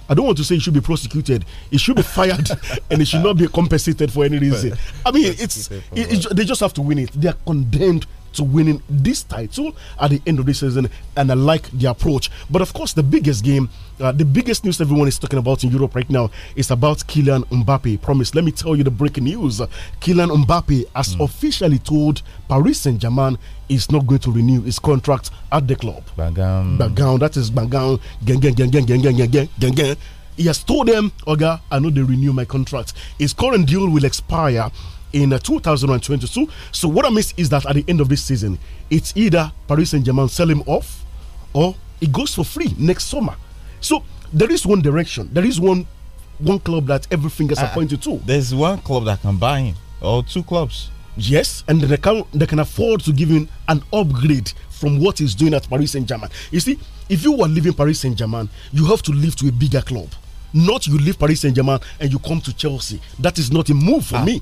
I don't want to say he should be prosecuted. He should be fired, and he should not be compensated for any reason. I mean, it's, it's they just have to win it. They are condemned to winning this title at the end of the season, and I like the approach. But of course, the biggest game, uh, the biggest news everyone is talking about in Europe right now is about Kylian Mbappe. Promise, let me tell you the breaking news. Kylian Mbappe has mm. officially told Paris Saint Germain is not going to renew his contract at the club. Bangang. Bangang, that is Bangang. Gang, gang, gang, gang, gang, gang, gang, gang, gang. He has told them, Oga, I know they renew my contract. His current deal will expire in uh, 2022. So what I miss is that at the end of this season, it's either Paris Saint Germain sell him off, or it goes for free next summer. So there is one direction. There is one one club that everything gets uh, to. There's one club that can buy him, or two clubs. Yes, and they can they can afford to give him an upgrade from what he's doing at Paris Saint Germain. You see, if you are leaving Paris Saint Germain, you have to leave to a bigger club. Not you leave Paris Saint Germain and you come to Chelsea. That is not a move for ah. me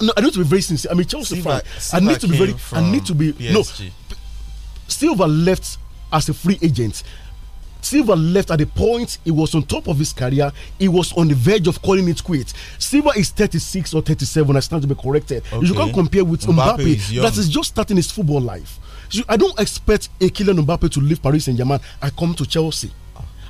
no, I need to be very sincere. i mean, Chelsea fan. I need to be very. I need to be PSG. no. Silva left as a free agent. Silva left at the point he was on top of his career. He was on the verge of calling it quits. Silva is 36 or 37. I stand to be corrected. Okay. You can't compare with Mbappe, Mbappe is that is just starting his football life. So I don't expect a killer Mbappe to leave Paris Saint Germain I come to Chelsea.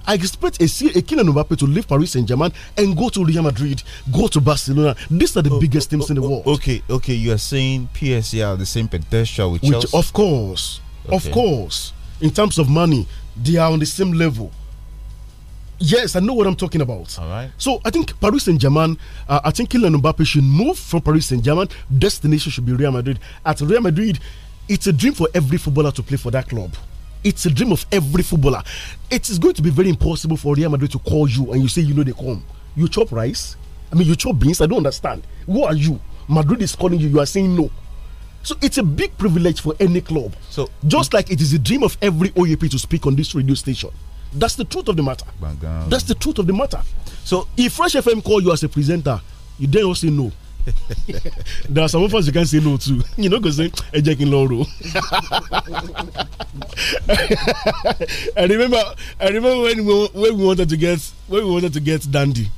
I expect a Kylian Mbappe to leave Paris Saint Germain and go to Real Madrid, go to Barcelona. These are the oh, biggest teams oh, in the oh, world. Okay, okay, you are saying PSG are the same potential with Which, Chelsea? Of course, okay. of course. In terms of money, they are on the same level. Yes, I know what I'm talking about. All right. So I think Paris Saint Germain, uh, I think Kylian Mbappe should move from Paris Saint Germain. Destination should be Real Madrid. At Real Madrid, it's a dream for every footballer to play for that club. It's a dream of every footballer. It is going to be very impossible for Real Madrid to call you and you say you know they come. You chop rice. I mean, you chop beans. I don't understand. Who are you? Madrid is calling you. You are saying no. So it's a big privilege for any club. So just like it is a dream of every OEP to speak on this radio station. That's the truth of the matter. That's the truth of the matter. So if Fresh FM call you as a presenter, you then also say no there are some of us you can say no to. You know, go say a Jack in Loro. I remember, I remember when we when we wanted to get when we wanted to get Dandy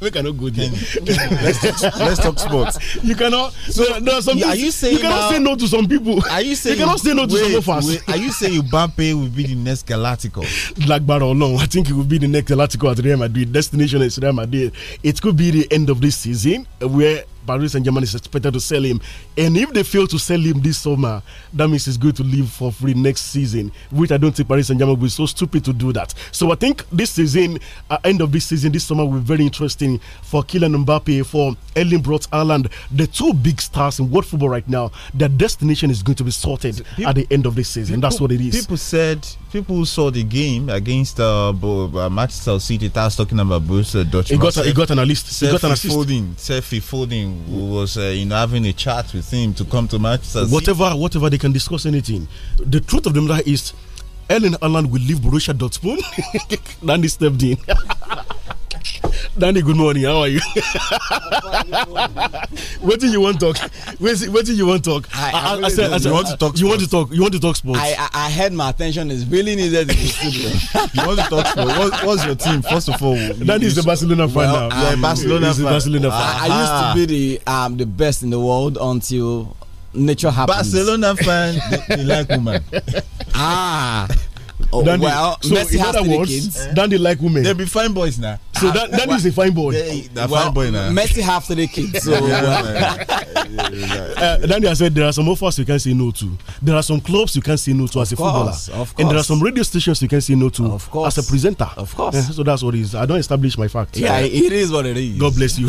we cannot go there. let's, talk, let's talk sports. You cannot. So there, are some. Are you saying you cannot now, say no to some people? Are you saying you cannot say no wait, to some of us? Are you saying Mbappe will be the next Galactico? Lagbara long, I think he will be the next Galactico at Real Madrid. Destination is Real Madrid. It could be the end of this season where Paris Saint Germain is expected to sell him. And if they fail to sell him this summer, that means he's going to leave for free next season, which I don't think Paris Saint Germain will be so stupid to do that. So I think this season, uh, end of this season, this summer will be very interesting for Kylian Mbappe, for Erling Brot Haaland, the two big stars in world football right now. Their destination is going to be sorted people, at the end of this season. People, That's what it is. People said, people saw the game against uh, uh Manchester City. are talking about Bruce uh, Dutch. He got, he got an assist. He got an assist. Folding, Folding was uh, you know having a chat with him to come to Manchester. Whatever, whatever they can discuss anything. The truth of the matter is, Ellen Allen will leave Borussia Dortmund. Danny stepped in. Danny, good morning. How are you? what do you want to talk? What do you want to talk? I, I, I, I said, said, you want to talk. You want to talk. You want to talk sports. I, I, had my attention is really needed in the studio. you want to talk sports? What, what's your team? First of all, Danny is the Barcelona fan well, now. yeah, Barcelona. fan. Barcelona fan. I, used to ah. be the um, the best in the world until nature happens. Barcelona fan, The they like woman. ah. Oh, Dandy, well, so Messi has three kids. Dandy like women. They'll be fine boys now. So that, that well, is a fine boy. The, well, fine boy now. Messi have three kids. So. uh, I said there are some offers you can say no to. There are some clubs you can say no to of as a course, footballer. Of course. And there are some radio stations you can say no to of course. as a presenter. Of course. so that's what it is. I don't establish my fact. Yeah, uh, it is what it is. God bless you.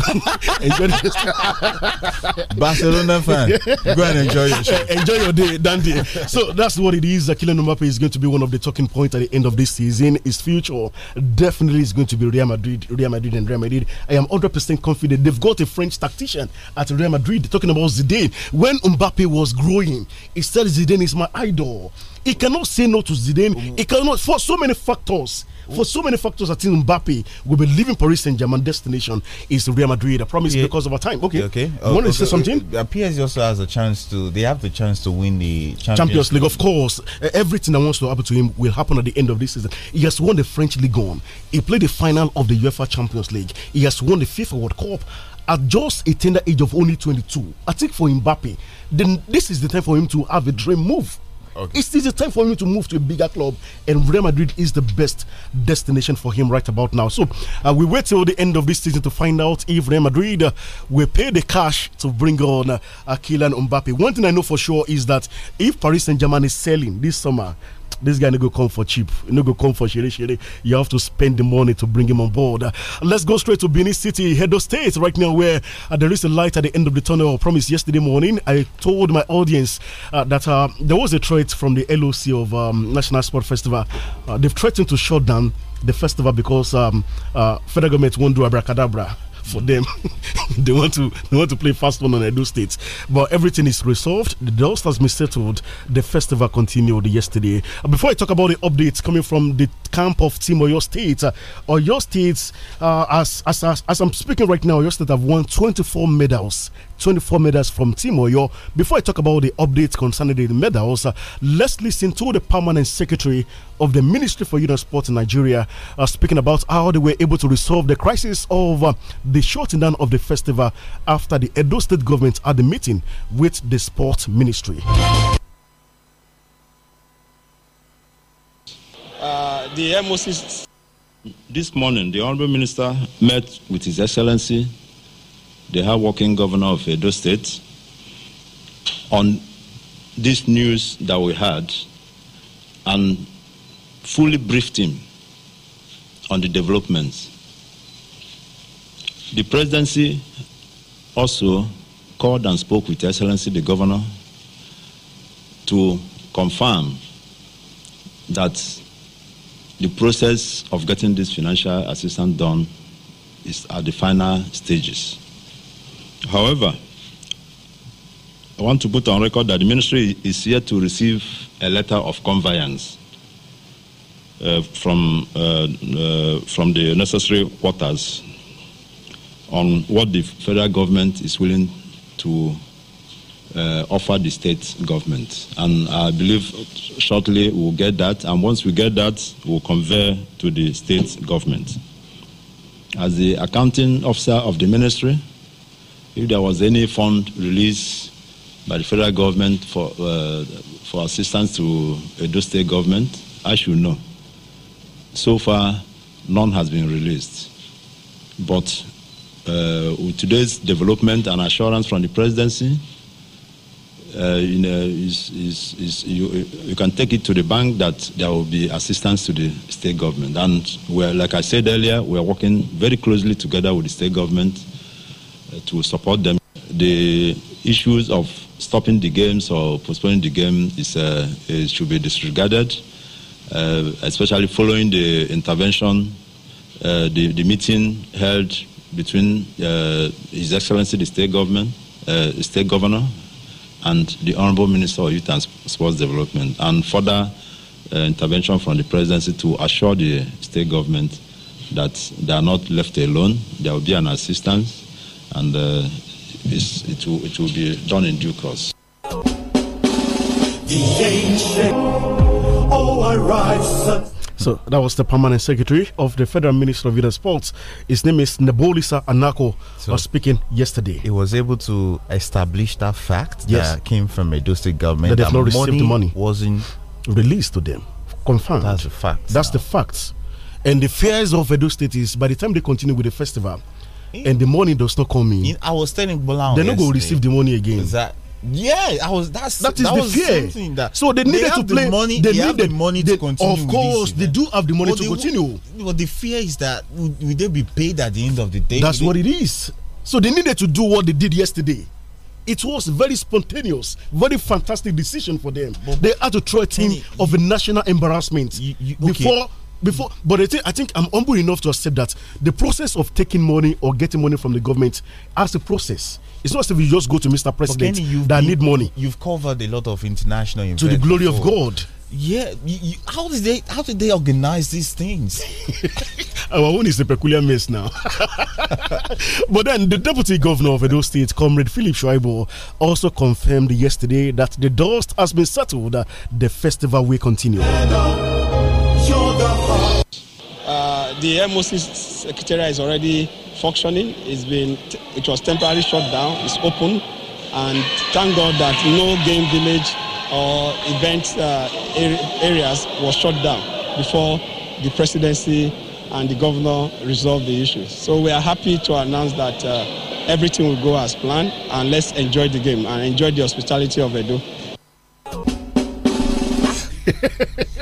Barcelona fan. Go and enjoy your show. Enjoy your day, Dandy. So that's what it is. Kylian Mbappe is going to be one of the talking points at the end of this season. His future definitely is going to be Real Madrid Madrid, Real Madrid, and Real Madrid. I am 100% confident they've got a French tactician at Real Madrid talking about Zidane. When Mbappe was growing, he said Zidane is my idol. He cannot say no to Zidane. He mm-hmm. cannot for so many factors. For so many factors, I think Mbappe will be leaving Paris Saint Germain. Destination is Real Madrid. I promise yeah. because of our time. Okay. Okay. Oh, want to say something? Uh, PSG also has a chance to. They have the chance to win the Champions, Champions League. League. Of course, uh, everything that wants to happen to him will happen at the end of this season. He has won the French League on. He played the final of the UEFA Champions League. He has won the FIFA World Cup at just a tender age of only 22. I think for Mbappe, then this is the time for him to have a dream move. Okay. It's, it's time for him to move to a bigger club, and Real Madrid is the best destination for him right about now. So uh, we wait till the end of this season to find out if Real Madrid uh, will pay the cash to bring on uh, Kylian Mbappe. One thing I know for sure is that if Paris Saint Germain is selling this summer, this guy no go come for cheap. You no go come for shiri shiri. You have to spend the money to bring him on board. Uh, let's go straight to Benin City, Edo State, right now where uh, there is a light at the end of the tunnel. I promised yesterday morning. I told my audience uh, that uh, there was a threat from the LOC of um, National Sport Festival. Uh, they've threatened to shut down the festival because um, uh, federal government won't do abracadabra for them. they want to they want to play fast one on Edo State. But everything is resolved. The dust has been settled. The festival continued yesterday. Uh, before I talk about the updates coming from the camp of Team Oyo State, uh, Oyo State, uh, as, as, as, as I'm speaking right now, Oyo State have won 24 medals 24 medals from Team Oyo. Before I talk about the updates concerning the medals, uh, let's listen to the permanent secretary of the Ministry for Youth and Sport in Nigeria uh, speaking about how they were able to resolve the crisis of uh, the shutting down of the festival after the Edo State government had a meeting with the Sports Ministry. Uh, the MOC. This morning, the Honorable Minister met with His Excellency, the hard-working governor of Edo State, on this news that we had and fully briefed him on the developments. The presidency also called and spoke with Excellency the Governor to confirm that the process of getting this financial assistance done is at the final stages. However, I want to put on record that the ministry is here to receive a letter of conveyance uh, from, uh, uh, from the necessary quarters on what the federal government is willing to uh, offer the state government. And I believe shortly we'll get that. And once we get that, we'll convey to the state government. As the accounting officer of the ministry, if there was any fund released by the federal government for, uh, for assistance to Edo state government, I should know. So far, none has been released. But uh, with today's development and assurance from the presidency, uh, you, uh, know, is, is, is you, you, can take it to the bank that there will be assistance to the state government. And we're, like I said earlier, we are working very closely together with the state government uh, to support them. The issues of stopping the games or postponing the game is, uh, should be disregarded, uh, especially following the intervention, uh, the, the, meeting held between uh, His Excellency the State Government, uh, State Governor, and the Honorable Minister of Youth and Sports Development, and further intervention from the Presidency to assure the State Government that they are not left alone. There will be an assistance and uh, it, will, it will be done in due course. So that was the permanent secretary of the Federal Minister of Youth and Sports. His name is Nebolisa Anako. So was speaking yesterday. He was able to establish that fact yes. that came from a State government that, that not money received the money wasn't released to them. Confirmed. That's the fact. That's now. the facts. And the fears of Edo State is by the time they continue with the festival, and the money does not come in. I was telling Bola, they're not going to receive the money again. Exactly. Yeah, I was. That's that is that the fear. That so they needed they to play. The money, they, they need the money they, to continue. Of course, they do have the money but to continue. But the fear is that will, will, they be paid at the end of the day? That's will what it is. So they needed to do what they did yesterday. It was very spontaneous, very fantastic decision for them. But, they had to throw a team of a national embarrassment you, you, okay. before before but I think, I think i'm humble enough to accept that the process of taking money or getting money from the government as a process it's not as if you just go to mr president Kenny, that been, need money you've covered a lot of international to the glory before. of god yeah you, you, how did they how did they organize these things our own is a peculiar mess now but then the deputy governor of edo state comrade philip schreiber also confirmed yesterday that the dust has been settled the festival will continue the MOC secretariat is already functioning. It's been, it was temporarily shut down. It's open. And thank God that no game village or event uh, areas was shut down before the presidency and the governor resolved the issues. So we are happy to announce that uh, everything will go as planned and let's enjoy the game and enjoy the hospitality of Edo.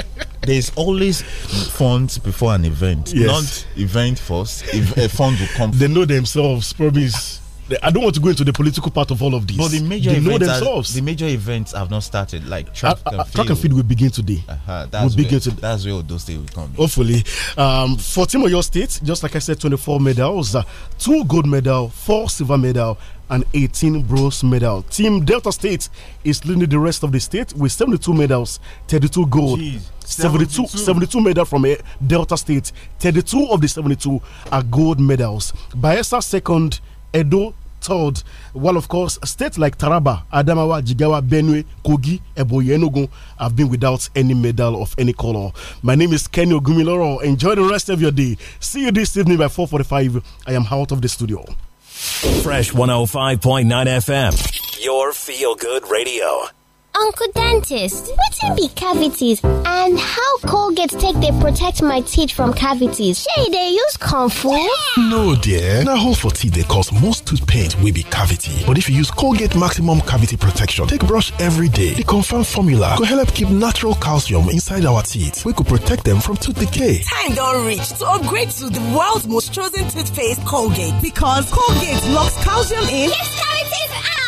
there's always funds before an event. Yes. Not event first. If a fund will come. They know themselves, promise. I don't want to go into the political part of all of this. But the major they events know themselves. Are, the major events have not started. Like track, uh, and, track and field will begin today. Uh -huh, that's will where, begin That's where those days will come. Hopefully, um, for Team Oyo State, just like I said, 24 medals, uh, two gold medal, four silver medal, and 18 bronze medals. Team Delta State is leading the rest of the state with 72 medals, 32 gold. Jeez, 72, 72, medal medals from eh, Delta State. 32 of the 72 are gold medals. Bayelsa second, Edo third. While of course, states like Taraba, Adamawa, Jigawa, Benue, Kogi, Eboyi, Enugu have been without any medal of any color. My name is Kenny Ogumiloro. Enjoy the rest of your day. See you this evening by 4:45. I am out of the studio. Fresh 105.9 FM, your feel good radio. Uncle Dentist, can be cavities and how Colgate take they protect my teeth from cavities? Shey they use comfort? No dear, Now, hole for teeth they cause most tooth pain will be cavity. But if you use Colgate Maximum Cavity Protection take brush every day, the confirmed formula could help keep natural calcium inside our teeth We could protect them from tooth decay. Time don't reach to upgrade to the world's most chosen toothpaste Colgate because Colgate locks calcium in. Yes, cavities out!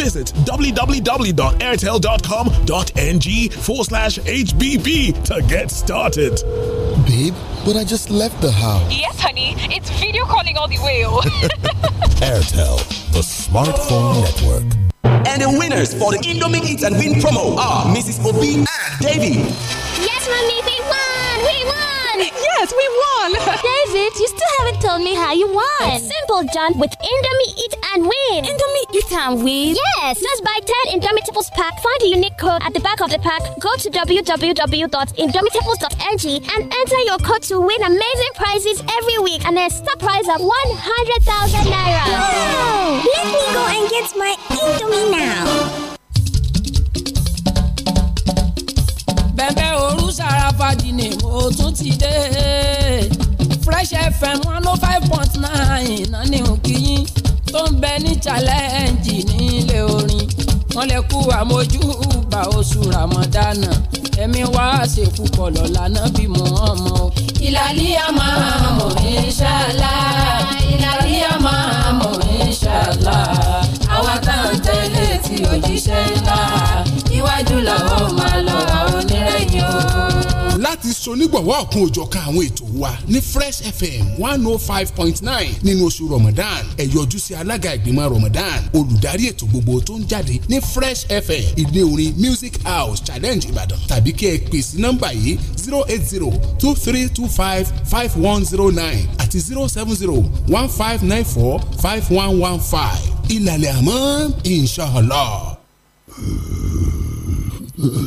visit www.airtel.com.ng forward slash HBB to get started. Babe, but I just left the house. Yes, honey. It's video calling all the way. Oh. Airtel, the smartphone network. And the winners for the Indomie Eat and Win promo are Mrs. Obi and Davy. Yes, mommy, we won! We won! Yes, we won! David, you still haven't told me how you won. It's simple, John. With Indomie Eat and Win. Indomie Eat and Win? Yes! Just buy 10 Indomie Tipples pack, find the unique code at the back of the pack, go to www.indomitables.ng and enter your code to win amazing prizes every week and a stock prize of 100,000 Naira. Wow! Let me go and get my Indomie now. bẹ́ẹ̀ òru ṣàràfàjì ni mo tún ti dé Fresh FM one oh five point nine náà ní òkìyín tó ń bẹ ní challenge nílé orin wọn lè kú àmójú bá oṣù Ramadan. ẹ̀mí wá ṣèkú kọlọ̀ lánàá bí mo hàn mọ́. ìlàlí àmà mọ̀ inshallah ìlàlí àmà mọ̀ inshallah àwa tá à ń tẹ̀lé tí òjíṣẹ́ ńlá iwájú làwọn máa lọ àwọn onírẹ̀yìn o láti ṣonígbọ̀wọ́ ọ̀kan òjọ̀kan àwọn ètò wa ní fresh fm one oh five point nine nínú oṣù ramadan ẹ yọjú sí alága ìgbìmọ̀ ramadan olùdarí ètò gbogbo tó ń jáde ní fresh fm ilé orin music house challenge ìbàdàn tàbí kí ẹ pè sí nọ́mbà yìí zero eight zero two three two five five one zero nine àti zero seven zero one five nine four five one one five ìlàlẹ̀ àmọ́ inshallah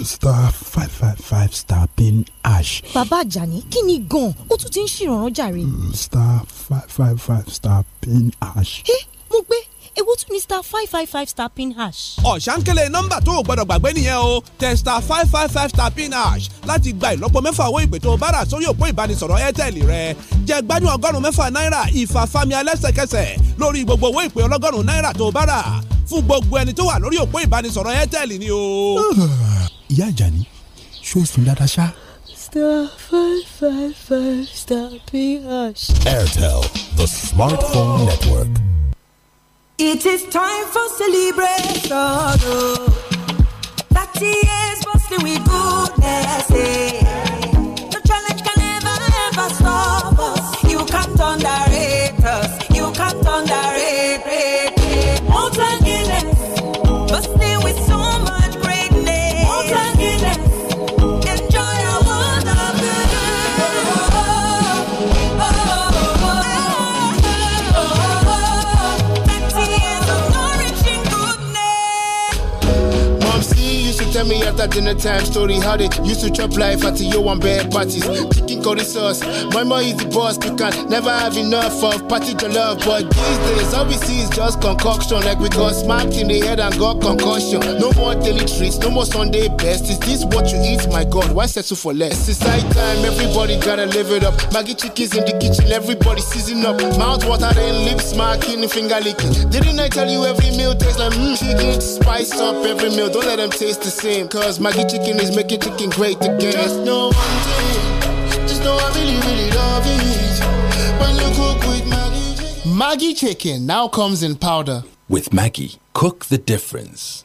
star five five five star pin ash. bàbá àjàní kí ni gan-an ó tún ti ń ṣèrànràn jàre. Mm, star five five five star pin ash. ẹ mo gbé èwo eh, tún ni star five five five star pin hash. ọ̀sánkélé nọ́mbà tó o gbọ́dọ̀ gbàgbé nìyẹn o tẹ star five five five star pin hash láti gba ìlọ́po mẹ́fà owó ìpè tó o bá rà sórí òpó ìbánisọ̀rọ̀ airtel rẹ jẹ gbádùn ọgọ́rùn-ún mẹ́fà náírà ìfàfàmì alẹ́sẹ̀kẹsẹ̀ lórí gbogbo owó ìpè ọlọ́gọ́rùn-ún náírà tó o bá rà fún gbogbo ẹni tó wà lórí òpó ìbánisọ̀rọ̀ airtel ni o. ìyá ìjàní ṣó o sùn dáadáa ṣá. star five five five star pin hash. airtel the smartphone network. It is time for celebration. Oh. 30 years bustling with goodness. Eh. at dinner time, story how they used to chop life at your one bed parties. Chicken curry sauce, my mom is the boss, you can never have enough of party to love. But these days, all we see is just concoction, like we got smacked in the head and got concussion. No more daily treats, no more Sunday best. Is this what you eat? My God, why settle for less? It's night time, everybody gotta live it up. Maggie chickens in the kitchen, everybody season up. Mouth water, then lips smacking, finger licking. Didn't I tell you every meal tastes like mmm? Chicken spice up every meal, don't let them taste the same. Cause Cause Maggie Chicken is making chicken great again. Just know one thing, just know I really, really love it. When you cook with Maggie Chicken. Maggie Chicken now comes in powder. With Maggie, cook the difference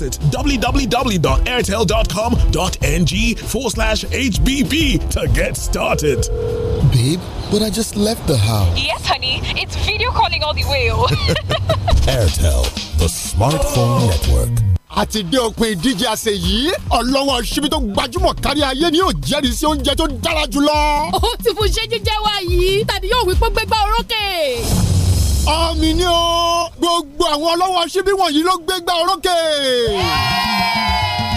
visit www.airtel.com.ng forward slash HBB to get started. Babe, but I just left the house. Yes, honey. It's video calling all the way. Oh. Airtel, the smartphone network. àti dé òpin ìdíje àṣẹ yìí ọlọ́wọ́ ṣíbí tó gbajúmọ̀ kárí ayé ni yóò jẹ́rìí sí oúnjẹ tó dára jùlọ. ó ti fún ṣẹ́jú jẹ́ wá yìí tàbí yóò wí pé orókè ọmì ni o gbogbo àwọn ọlọ́wọ́ ṣíbí wọ̀nyí ló gbégbá orókè.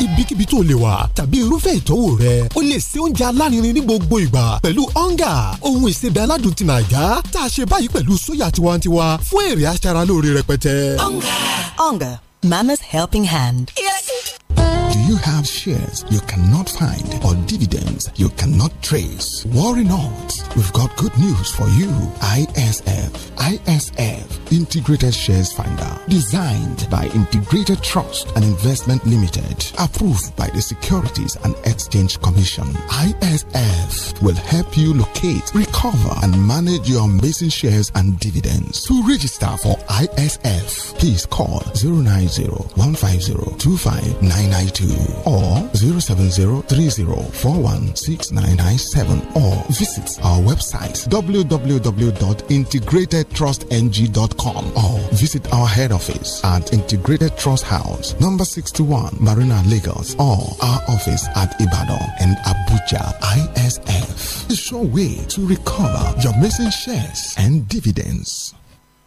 ibikíbi tó lè wà tàbí irúfẹ́ ìtọ́wò rẹ o lè ṣe oúnjẹ alárinrin ní gbogbo ìgbà pẹ̀lú ọ̀ngà ohun ìsebẹ̀ aládùn ti Naija tá a ṣe báyìí pẹ̀lú sóyà tiwantiwa fún èrè aṣaralóore rẹpẹtẹ. ọ̀ngà ọ̀ngà mama's helping hand. Yes. Do you have shares you cannot find or dividends you cannot trace? Worry not. We've got good news for you. ISF. ISF. Integrated Shares Finder. Designed by Integrated Trust and Investment Limited. Approved by the Securities and Exchange Commission. ISF will help you locate, recover, and manage your missing shares and dividends. To register for ISF, please call 090 150 or 07030416997 or visit our website www.integratedtrustng.com or visit our head office at Integrated Trust House, number 61, Marina Lagos, or our office at Ibadan and Abuja ISF. The sure way to recover your missing shares and dividends.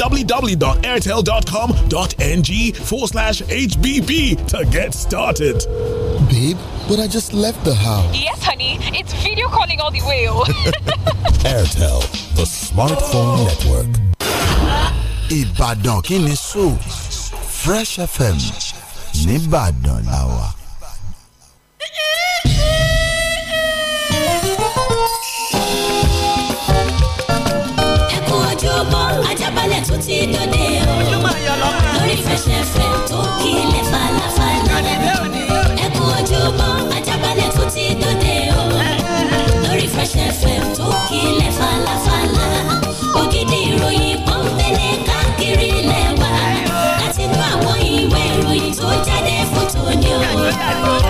www.airtel.com.ng forward slash HBB to get started. Babe, but I just left the house. Yes, honey. It's video calling all the way. Airtel, the smartphone network. Ibadan kini so Fresh FM Nìbàdàn làwà. tó ti dòde o lórí fẹsẹ̀fẹ̀ tó kílẹ̀ falafala ẹ kú ojúmọ́ ajábalẹ̀ tó ti dòde o lórí fẹsẹ̀fẹ̀ tó kílẹ̀ falafala ògidì ìròyìn pọ́npẹ́lẹ́ káàkiri ilẹ̀ wa láti inú àwọn ìwé ìròyìn tó jáde fún tòní o.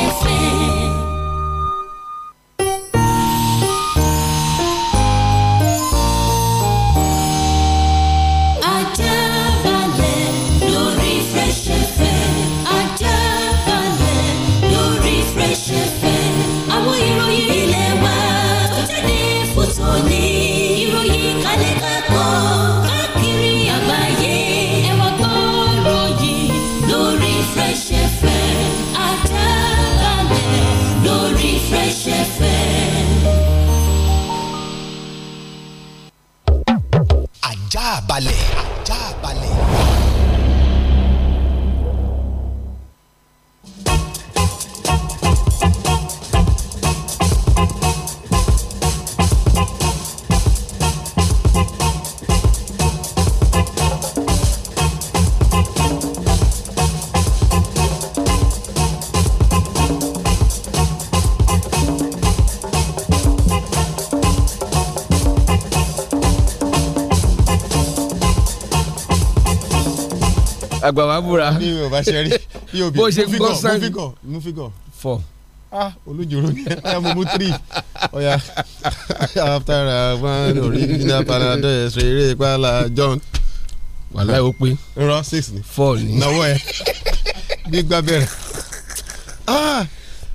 àgbà wa búra. bí o bá ṣe rí bí o bí mufikọ mufikọ mufikọ. fọ. ah olùjòrò ni ẹ mú mú three ọ̀ya after one original panadol ẹ̀sùn eré john. wàhálà ó pé. rọ six ni. four ni. nawọ ẹ gbígbá bẹ̀rẹ̀.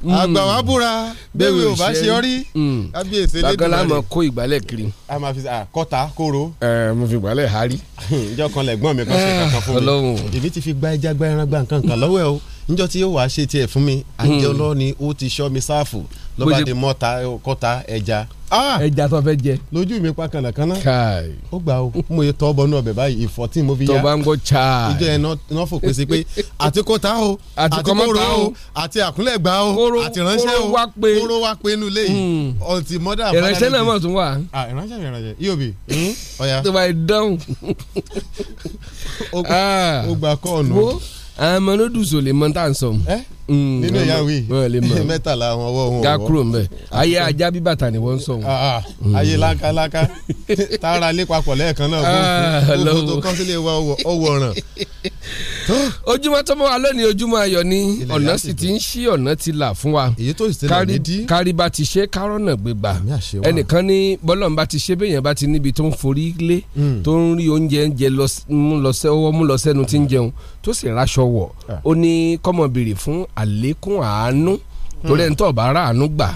Hmm. àgbà wa búra bẹ́ẹ̀ ò bá ṣe ọ rí hmm. kábíyèsí lédùn rẹ. bàgánlá mọ kó ìgbálẹ̀ kiri. a máa fi kọ́ta kóró. ẹ mo fi ìgbálẹ̀ harí. ìjọ kan lẹ̀gbọ́n mi kan ṣe kankan fún mi èmi ti fi gba ẹja gba ẹran gba nǹkan kan lọ́wọ́ ẹ o níjọ́ tí yóò wá ṣe tiẹ̀ fún mi àjẹ́ hmm. ọlọ́ni ó ti ṣọ́ mi sáàfù lọ́ba de mọ́ta kọ́ta ẹja. Ah! ẹja tó fẹ́ jẹ. lójú mi pa kànàkànà ó gbà ó mo yẹ tọ́ bọnú ọbẹ̀ báyìí ìfọ̀ tí mo fi yá. tó bá ń gbọ́ chaayi. ìjọ yẹn náà fòpin sí pé àti kọ́ta o àti kóró o àti àkúnlẹ̀gbá o àti ránṣẹ́ o kóró wá pé inú ilé yìí hmm. ọtí mọ́dà àbádá lójú. ìránṣẹ́ náà mọ̀ tún wà. Ah, ìránṣẹ́ ìránṣẹ́ iyobi ọ̀ya. Hmm? tó bá yẹ dáhùn. Eh, mọ̀nọ́dù sọ lè mọ tá à ń sọ. nínú ìyàwó yìí mẹ́tàlá àwọn ọwọ́ wọn. gakuro mbẹ ayé ajá bí bàtà ni wọ́n sọ. Ah, ah, mm. ayé lákàlákà tààrà lé papọ̀ lẹ́ẹ̀kan náà kó ah, tó kọ́sílẹ̀ wọ ọwọ́ ràn. ojúmọ́ tó mọ́ wa lónìí ojúmọ́ ayọ̀ ni ọ̀nà sì ti ń ṣí ọ̀nà ti là fún wa káríba ti ṣe kárọ̀nà gbégbà ẹnìkan ní bọ́lọ̀ bá ti ṣe béèyàn bá ti níbi tó ń forí lé hmm. tó ń rí oúnjẹ jẹ ọwọ́ mú lọ sẹ́nu tí ń jẹun tó sì ráṣọ wọ̀ ó ní kọ́mọ̀ béèrè fún àlékún àánú hmm. torí ẹni tó bá rà àánú gbà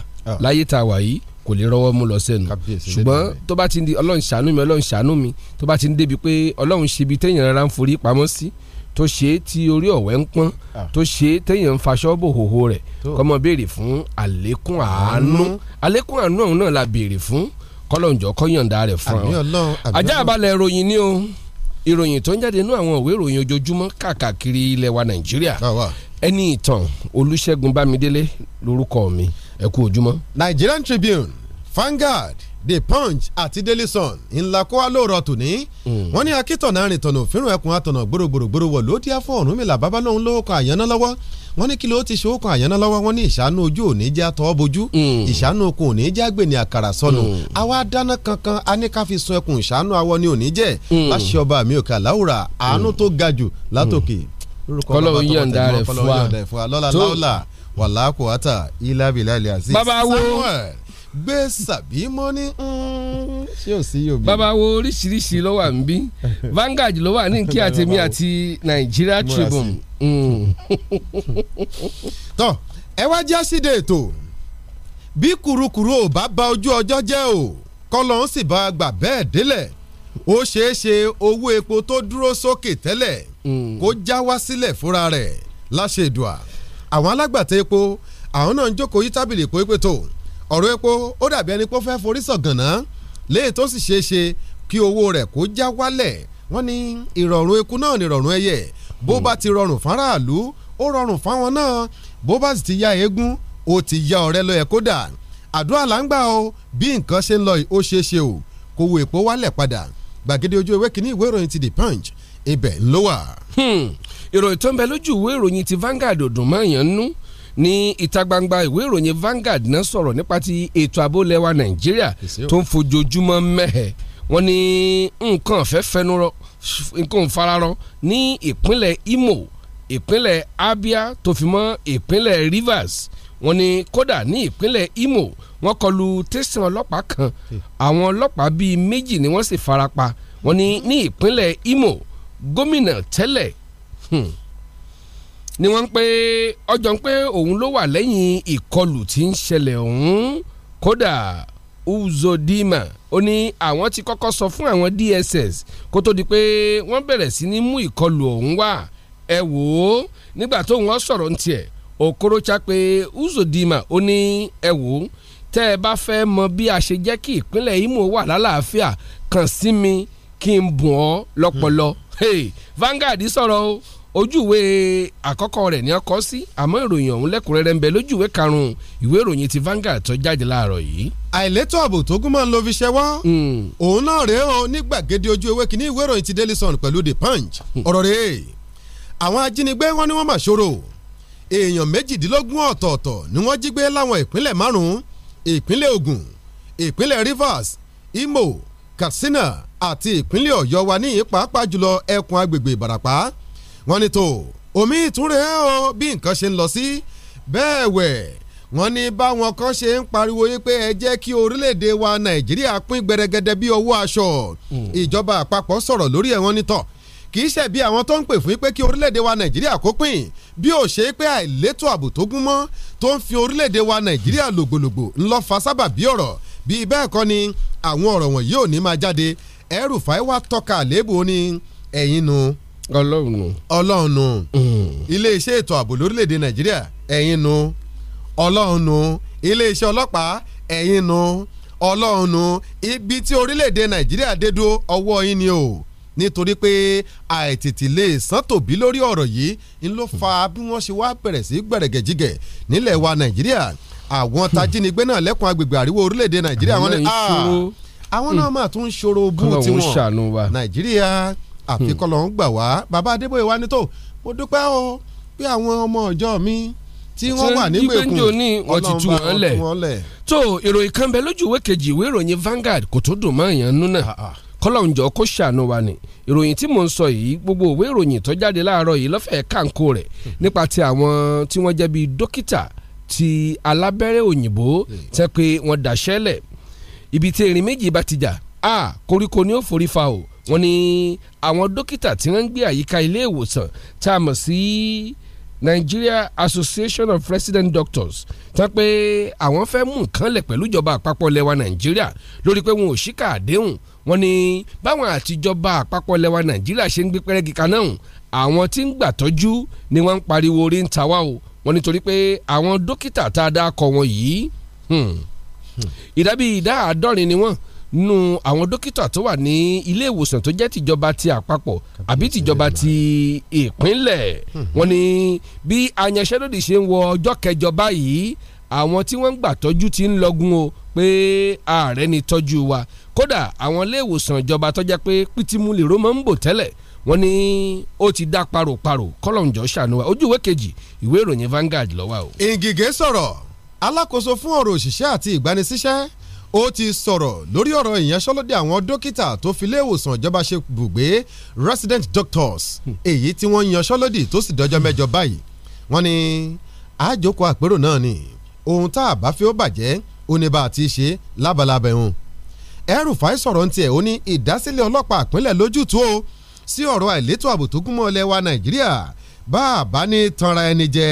láyé tá wà yìí kò lè rọwọ́ mú lọ sẹ́nu ṣùgbọ́n tó bá ti di ọlọ́run ṣàánú mi ọlọ́run ṣàánú mi tó bá ti ń débi pé ọlọ́run ṣe ibi téèyàn rárá ń forí pamọ́ sí tó ṣe é tí orí ọ̀wẹ́ ń pọ́n ah. tó ṣe é téèyàn ń faṣọ́ bò hòhò rẹ̀ kọ́mọ béèrè fún àlékún àánú àlékún àánú ọ̀hún náà la béèrè fún kọ́lọ́njọ́ kọ́yọ̀ǹda rẹ̀ fún ọ. ajá balẹ̀ ìròyìn ni o ìròyìn tó ń jáde nú àwọn ìwé ìròyìn ojoojúmọ́ káàkiri ilẹ̀ wa nàìjíríà ẹni ìtàn olúṣẹ́gun bámidélé lórúkọ mi ẹ ojúmọ́. Nigerian Tribune Vanguard the punch àti daily sun ńlá kó wá lóòrọ̀ tòní hmm. wọ́n ní akítọ̀nà arìntọ̀nà òfìrùn ẹkùn àtọ̀nà gbòrògbòrògbòrò wọ̀ ló díá fún Ọ̀rúnmìlà babalóhun lówókọ̀ àyànná lọ́wọ́ wọ́n ní kí ló ti ṣòwò kan àyànná lọ́wọ́ wọ́n ní ìṣàánú ojú òní jẹ́ àtọ́ bojú hmm. ìṣàánú okun òní jẹ́ àgbèní àkàrà sọnù hmm. àwa dáná kankan a ní ká fi sun ẹkùn ìṣàánú awọ ni òní jẹ́ láṣẹ ọba mi òkè àláwùrà àánú tó ga jù látòkè. kọlọ́ọ̀ yọ̀ǹda rẹ̀ fún wa tó wàlákùn àtà ilá bìlá ilé àzíz. bàbá wo gbé sàbí mọ́ ní ṣé mm, ò sí yòbí. bàbá wo oríṣiríṣi ló wà níbí Vanguard ló wà ní kí àtẹ̀mí àti Nigeria Tribune. Mm. tọ́ ẹ wá já síde ètò bí kùrukùru ò bá ba ojú ọjọ́ jẹ́ o kọ́lọ́ ń sì bá a gbà bẹ́ẹ̀ délẹ̀ ó ṣeé ṣe owó epo tó dúró sókè tẹ́lẹ̀ mm. kó já wá sílẹ̀ fúnra rẹ̀ láṣẹ ìdùà àwọn alágbàtà epo àwọn náà ń jókòó yí tábìlì epo epo ọ̀rọ̀ epo ó dàbí ẹni pé ó fẹ́ forí sọ̀gànná léyìí tó sì ṣeé ṣe kí owó rẹ̀ kó já wálẹ̀ wọ́n ní ìrọ̀rùn eku náà ni ìrọ̀rùn ẹyẹ bó bá ti rọrùn fáráàlú ó rọrùn fáwọn náà bó bá sì ti ya eégún ó ti ya ọ̀rẹ́ lọ kódà àdúrà là o bí nǹkan ṣe ń lọ ó ṣeé ṣe o kó wo èpo wálẹ̀ padà gbàgede ojú ewé kínní ìwé ìròyìn ti the punch ibẹ̀ ló wà. Hmm. ìròyìn tó ń bẹ lójú ìwé ìròyìn ti Vanguard ò ní ìta gbangba ìwé ìròyìn Vanguard náà sọ̀rọ̀ nípa ti ètò ààbò lẹ́wà Nàìjíríà tó ń fojoojúmọ́ mẹ́hẹ̀ wọ́n ní nǹkan fẹ́ fẹnurọ nǹkan fararọ ní ìpínlẹ̀ Imo ìpínlẹ̀ Abia tó fi mọ́ ìpínlẹ̀ Rivers wọ́n ní kódà ní ìpínlẹ̀ Imo wọ́n kọlu tẹsán ọlọ́pàá kan àwọn ọlọ́pàá bíi méjì ni wọ́n sì farapa wọ́n ní ní ìpínlẹ̀ Imo gómìnà tẹ́lẹ̀ hmm, ni wọ́n ń pe ọjọ́ ń pé òun ló wà lẹ́yìn ìkọlù tí ń ṣẹlẹ̀ ọ̀hún kódà Uzodima ó ní àwọn ti kọ́kọ́ sọ fún àwọn DSS kó tó di pé wọ́n bẹ̀rẹ̀ sí ní mú ìkọlù ọ̀hún wá ẹ wò ó nígbà tó wọ́n sọ̀rọ̀ ń tiẹ̀ Okorocha pé Uzodima ó ní ẹ wò ó tẹ́ ẹ bá fẹ́ mọ bí a ṣe jẹ́ kí ìpínlẹ̀ Imo wà lálàáfíà kàn sí mi kí n bùn ọ́ lọ́pọlọ Vanguard sọ̀rọ̀ o ojú ìwé àkọ́kọ́ rẹ̀ ni ọkọ sí àmọ́ ìròyìn ọ̀hún lẹ́kùnrẹ́rẹ́ ń bẹ lójú ìwé karùn-ún ìwé ìròyìn ti Vanguard tó jáde láàárọ̀ yìí. àìlétò ààbò tó gún mọ́ ń lo fi ṣẹ́wọ́ hmm. òun náà rèé o ní gbàgede ojú ewé kínní ìwé ìròyìn ti Daily Sun pẹ̀lú The Punch hmm. ọ̀rọ̀ rèé àwọn ajínigbé wọn ni wọ́n mà ṣòro èèyàn méjìdínlógún ọ̀tọ̀ọ̀tọ̀ ni wọ́n jí gbé láwọn ìpínlẹ̀ márùn-ún Rivers Imo Katsina àti ìpínlẹ̀ Ọ̀yọ́ wa níyìn pàápàá jùlọ ẹkùn agbègbè Ìbàràpá wọ́n ní tó omi ìtúre o bí nǹkan ṣe ń lọ sí bẹ́ẹ̀ wẹ̀ wọ́n ní báwọn kan ṣe ń pariwo yìí pé ẹ jẹ́ kí orílẹ̀-èdè wa nàìjíríà pín gbẹrẹgẹdẹ bí owó aṣọ hmm. ìjọba àpapọ̀ sọ̀rọ̀ lórí ẹ̀ wọ́n ní tọ̀ kì í ṣe bí àwọn tó ń pè fún pé kí orílẹ̀-èdè wa nàìjíríà kó pín bí ó ṣe pé àìletò ààbò tó gún mọ́ tó ń fi orílẹ̀-èdè wa nàìjíríà lògbòlògbò ńlọ fa sábà bí ọ̀rọ̀ bíi bẹ́ẹ̀ kọ́ ni àwọn ọ̀rọ̀ wọ̀nyí ò ní máa jáde ẹrù fàáwá tọ́ka àléébù ni ẹ̀yin nu ọlọ́run nù. ọlọ́run nù hmm. iléeṣẹ́ ètò ààbò lórílẹ̀‐èdè nàìjíríà ẹ̀yin nù ọlọ́run nù iléeṣẹ́ ọlọ́pàá ẹ̀yin nù ọlọ́run nù ibi tí orílẹ̀‐èdè nàìjíríà dé dúró ọwọ́ yín ni o nítorí pé àìtètè lè sán tòbí lórí ọ̀rọ̀ yìí ń ló fa bí wọ́n ṣe wá bẹ̀rẹ̀ sí gbẹ̀rẹ̀gẹ̀jigẹ̀ nílẹ̀ wa nàìjíríà àwọn hmm. tajínigbé náà lẹ́kùn agbègbè àríwó orílẹ̀‐èdè nàìjíríà wọ́n ní àwọn náà ah, máa tún ṣòro bú tiwọn nàìjíríà àfikọ́ lọ́n gbà wá bàbá Adébóyè wa ní tó mo dúpẹ́ o pé àwọn ọmọ ọjọ́ mi tí wọ́n wà nígbèkùn ọlọ́run bá wọn lẹ̀. tó ìròyìn kan bẹ lójú ìwé kejì ìwé ìròyìn Vanguard kò tó dùn mọ́ èèyàn nú náà kọ́lọ́njọ́ kó ṣàánú wa ni ìròyìn tí mò ń sọ yìí gbogbo òwe ìròyìn tó jáde láàárọ̀ yìí lọ́fẹ̀ẹ́ kàǹkó rẹ̀ nípa ti àwọn tí wọ́n jẹ́ bíi dókítà ti alábẹ́rẹ́ òyìnbó hmm. tẹ́ pé wọ́n dàṣẹ́lẹ̀ ibi tí erin méjì bá ti jà a koríko ni ó forí fa o wọ́n ní àwọn dókítà tí wọ́n ń gbé àyíká ilé ìwòsàn tá a mọ̀ sí Nigeria Association of Resident Doctors tán pé àwọn fẹ́ mú nǹkan lẹ̀ pẹ̀lú ìjọba àpapọ̀ lẹ́wà Nàìjíríà lórí pé wọn ò ṣíkà àdéhùn wọ́n ní báwọn àtijọba àpapọ̀ lẹ́wà Nàìjíríà ṣe ń gbé pẹ́rẹ́gì kan náà àwọn tí ń gbàtọ́jú ni wọ́n ń pariwo orí ń ta wá o wọ́n nítorí pé àwọn dókítà tá a dá kọ wọn yìí hmm, hmm, ìdábì ìdá àádọ́rin ni wọ́n hmm nú àwọn dókítà tó wà ní ilé ìwòsàn tó jẹ́ tìjọba ti àpapọ̀ àbí tìjọba ti ìpínlẹ̀ hmm. wọ́n ní bí àyànṣẹ́lódì ṣe ń wọ ọjọ́ kẹjọ báyìí àwọn tí wọ́n ń gbà tọ́jú ti ń lọ́gun o pé ààrẹ ni tọ́jú wa kódà àwọn ilé ìwòsàn ìjọba tọ́já pé pítímù lèrò máa ń bò tẹ́lẹ̀ wọ́n ní ó ti dá paròparò kọ́lọ́njọ́ ṣàánú wa ojú ìwé kejì ìwé ìròyìn Vanguard ló o. Ìngìgé sọ̀rọ̀ alákòóso fún ọ̀rọ̀ òṣìṣẹ́ àti ìgbanisíṣẹ́ ó ti sọ̀rọ̀ lórí ọ̀rọ̀ ìyanṣẹ́lódì àwọn dókítà tó fi iléèwòsàn ìjọba ṣe bùgbé resident doctors hmm. èyí tí wọ́n yanṣẹ́lódì tó sì dọjọ́ mẹ́jọ báyìí wọ́n ní àjòkò àpérò náà ni ohun tá a bá fi ó bàjẹ́ ó ní bá a ti ṣe lábalábẹ́ hàn El-Rufai sọ̀rọ̀ ní tiẹ̀ ó ní ìdásílẹ̀ ọlọ́pàá àpínlẹ̀ lójútùú o sí ọ̀rọ̀ àìlétò ààbò tó gúnmọ́ ilẹ̀ wa Nàìjíríà bá a bá ní tanra ẹni jẹ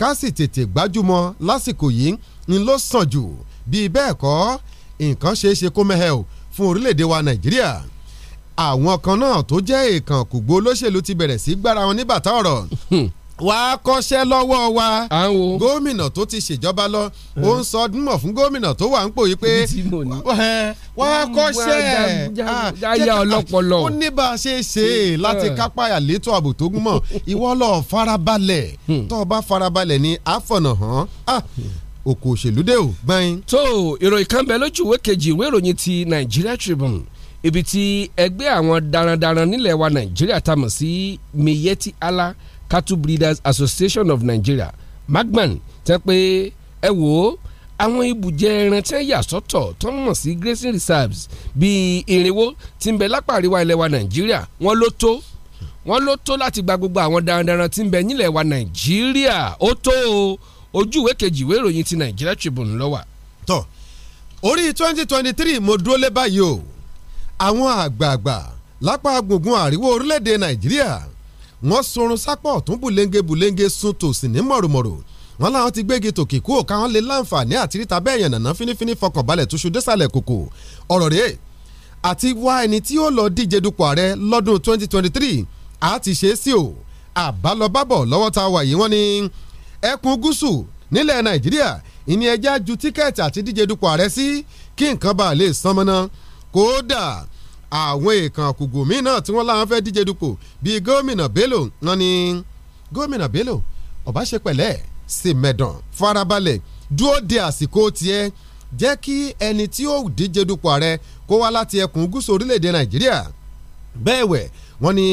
ká sì tètè gbájúmọ́ lásìkò yìí ń lọ sàn jù bíi bẹ́ẹ̀ kọ́ nǹkan ṣeé ṣe kó mẹ́hẹ́ o fún orílẹ̀-èdè wa nàìjíríà àwọn kan náà tó jẹ́ èèkàn kùgbó olóṣèlú ti bẹ̀rẹ̀ sí gbára wọn ní bàtà ọ̀rọ̀ hmm. wà á kọ́ṣẹ́ lọ́wọ́ wa gómìnà tó ti ṣèjọba lọ ó ń sọ dúnmọ̀ fún gómìnà tó wà ń pò yí pé wà á kọ́ṣẹ́ ah, yáyà ọlọ́pọlọ ó ní bá a ṣe ṣe hmm. láti hmm. kápá àlétò ààbò tó gúnmọ̀ ìwọ farabalẹ̀ tó o bá farabalẹ̀ ni àfọ̀nà hàn ah, òkú òṣèlú dé o gbọ́n. tó ìròyìn kan bẹ lójú ìwé kejì ìwé ìròyìn ti Nigeria Tribune ibi tí ẹgbẹ́ àwọn darandaran nílẹ̀ wa Nàìjíríà tá mọ̀ sí Miyetti Allah Cattle Breeders Association of Nigeria magman tẹ́ pé ẹ wò ó àwọn ibùjẹ ẹran tẹ́ yà sọ́tọ̀ tó ń mọ̀ sí grazing reserves bíi irinwó tí ń bẹ lápá àríwá ilẹ̀ wa Nàìjíríà wọ́n ló tó wọ́n ló tó láti gba gbogbo àwọn darandaran tí ń bẹ nílẹ̀ wa Nàìjíríà ó tó o ojú ìwé kejì ìwé ìròyìn ti Nigeria Tribune ló wà. tọ orí twenty twenty three mo dúró lé báyìí o àwọn àgbààgbà lápá gbùngbùn àríwó orílẹ̀-èdè Nàìjíríà wọ́n sorun sápọ̀ tún bùlẹ́ńgẹ bùlẹ́ńgẹ sun tòsí ní mọ̀rùmọ̀rù wọn làwọn ti gbégi tòkì kú òkà wọn lè láǹfààní àti ríta bẹ́ẹ̀ yànnàná fínífíní fọkànbalẹ̀ tó ṣu désàlẹ̀ kòkò ọ̀rọ̀ rèé àti wá ẹni tí ó lọ díje dupò ààrẹ lọ́dún 2023 àá ti ṣe é sí o àbálọbábọ̀ lọ́wọ́ tá wà yìí wọ́n ní ẹkùn gúúsù nílẹ̀ nàìjíríà ìní ẹja ju tíkẹ́ẹ̀tì àti díje dupò ààrẹ sí kí nǹkan bá lè san mọ́ná kódà àwọn èèkàn kùgù míì náà tí wọ́n láwọn fẹ́ díje dupò bíi gómìnà bello wọn ni gómìnà bello ọba ṣe pẹ̀lẹ́ sí mẹ̀dàn farabalẹ̀ dúró de àsìkò tiẹ̀ jẹ́ kí ẹni tí ó díje dupò ààrẹ kó wá láti ẹkùn gúúsù orílẹ̀-èdè nàìjíríà bẹ́ẹ̀ wẹ̀ wọ́n ní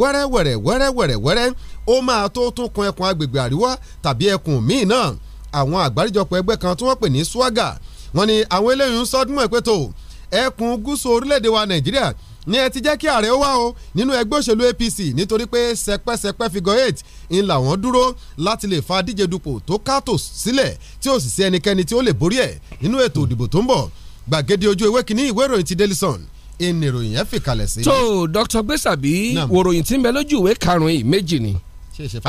wẹ́rẹ́wẹ́rẹ́ wẹ́rẹ́wẹ́rẹ́ wẹ́rẹ́ ó máa tó tún kun ẹkùn agbègbè àríwá tàbí ẹkùn míì náà àwọn àgbáríjọpọ̀ ẹgbẹ́ kan tí wọ́n pè ní swaga wọ́n ní àwọn eléyìí ń sọdún ẹ̀ pé tó ẹkùn gúúsù orílẹ̀-èdè wa nàìjíríà ní ẹ ti jẹ́ kí ààrẹ wá o nínú ẹgbẹ́ òṣèlú APC nítorí pé sẹpẹ́sẹpẹ́ figure eight ń làwọn dúró láti lè fa díje dupò tó kátó sílẹ̀ tí ò sì sí ẹnikẹ́ni tí ó lè borí ẹ̀ nínú ètò ìdìbò tó ń bọ̀ gbàgede ojú ewé kínní ìwé ìròyìn ti Daily ìnìròyìn yẹn fìkàlẹ̀ sí. tó Dr. Gbèsàbí wòròyìn tí ń bẹ lójú ìwé karùn-ún méjì ni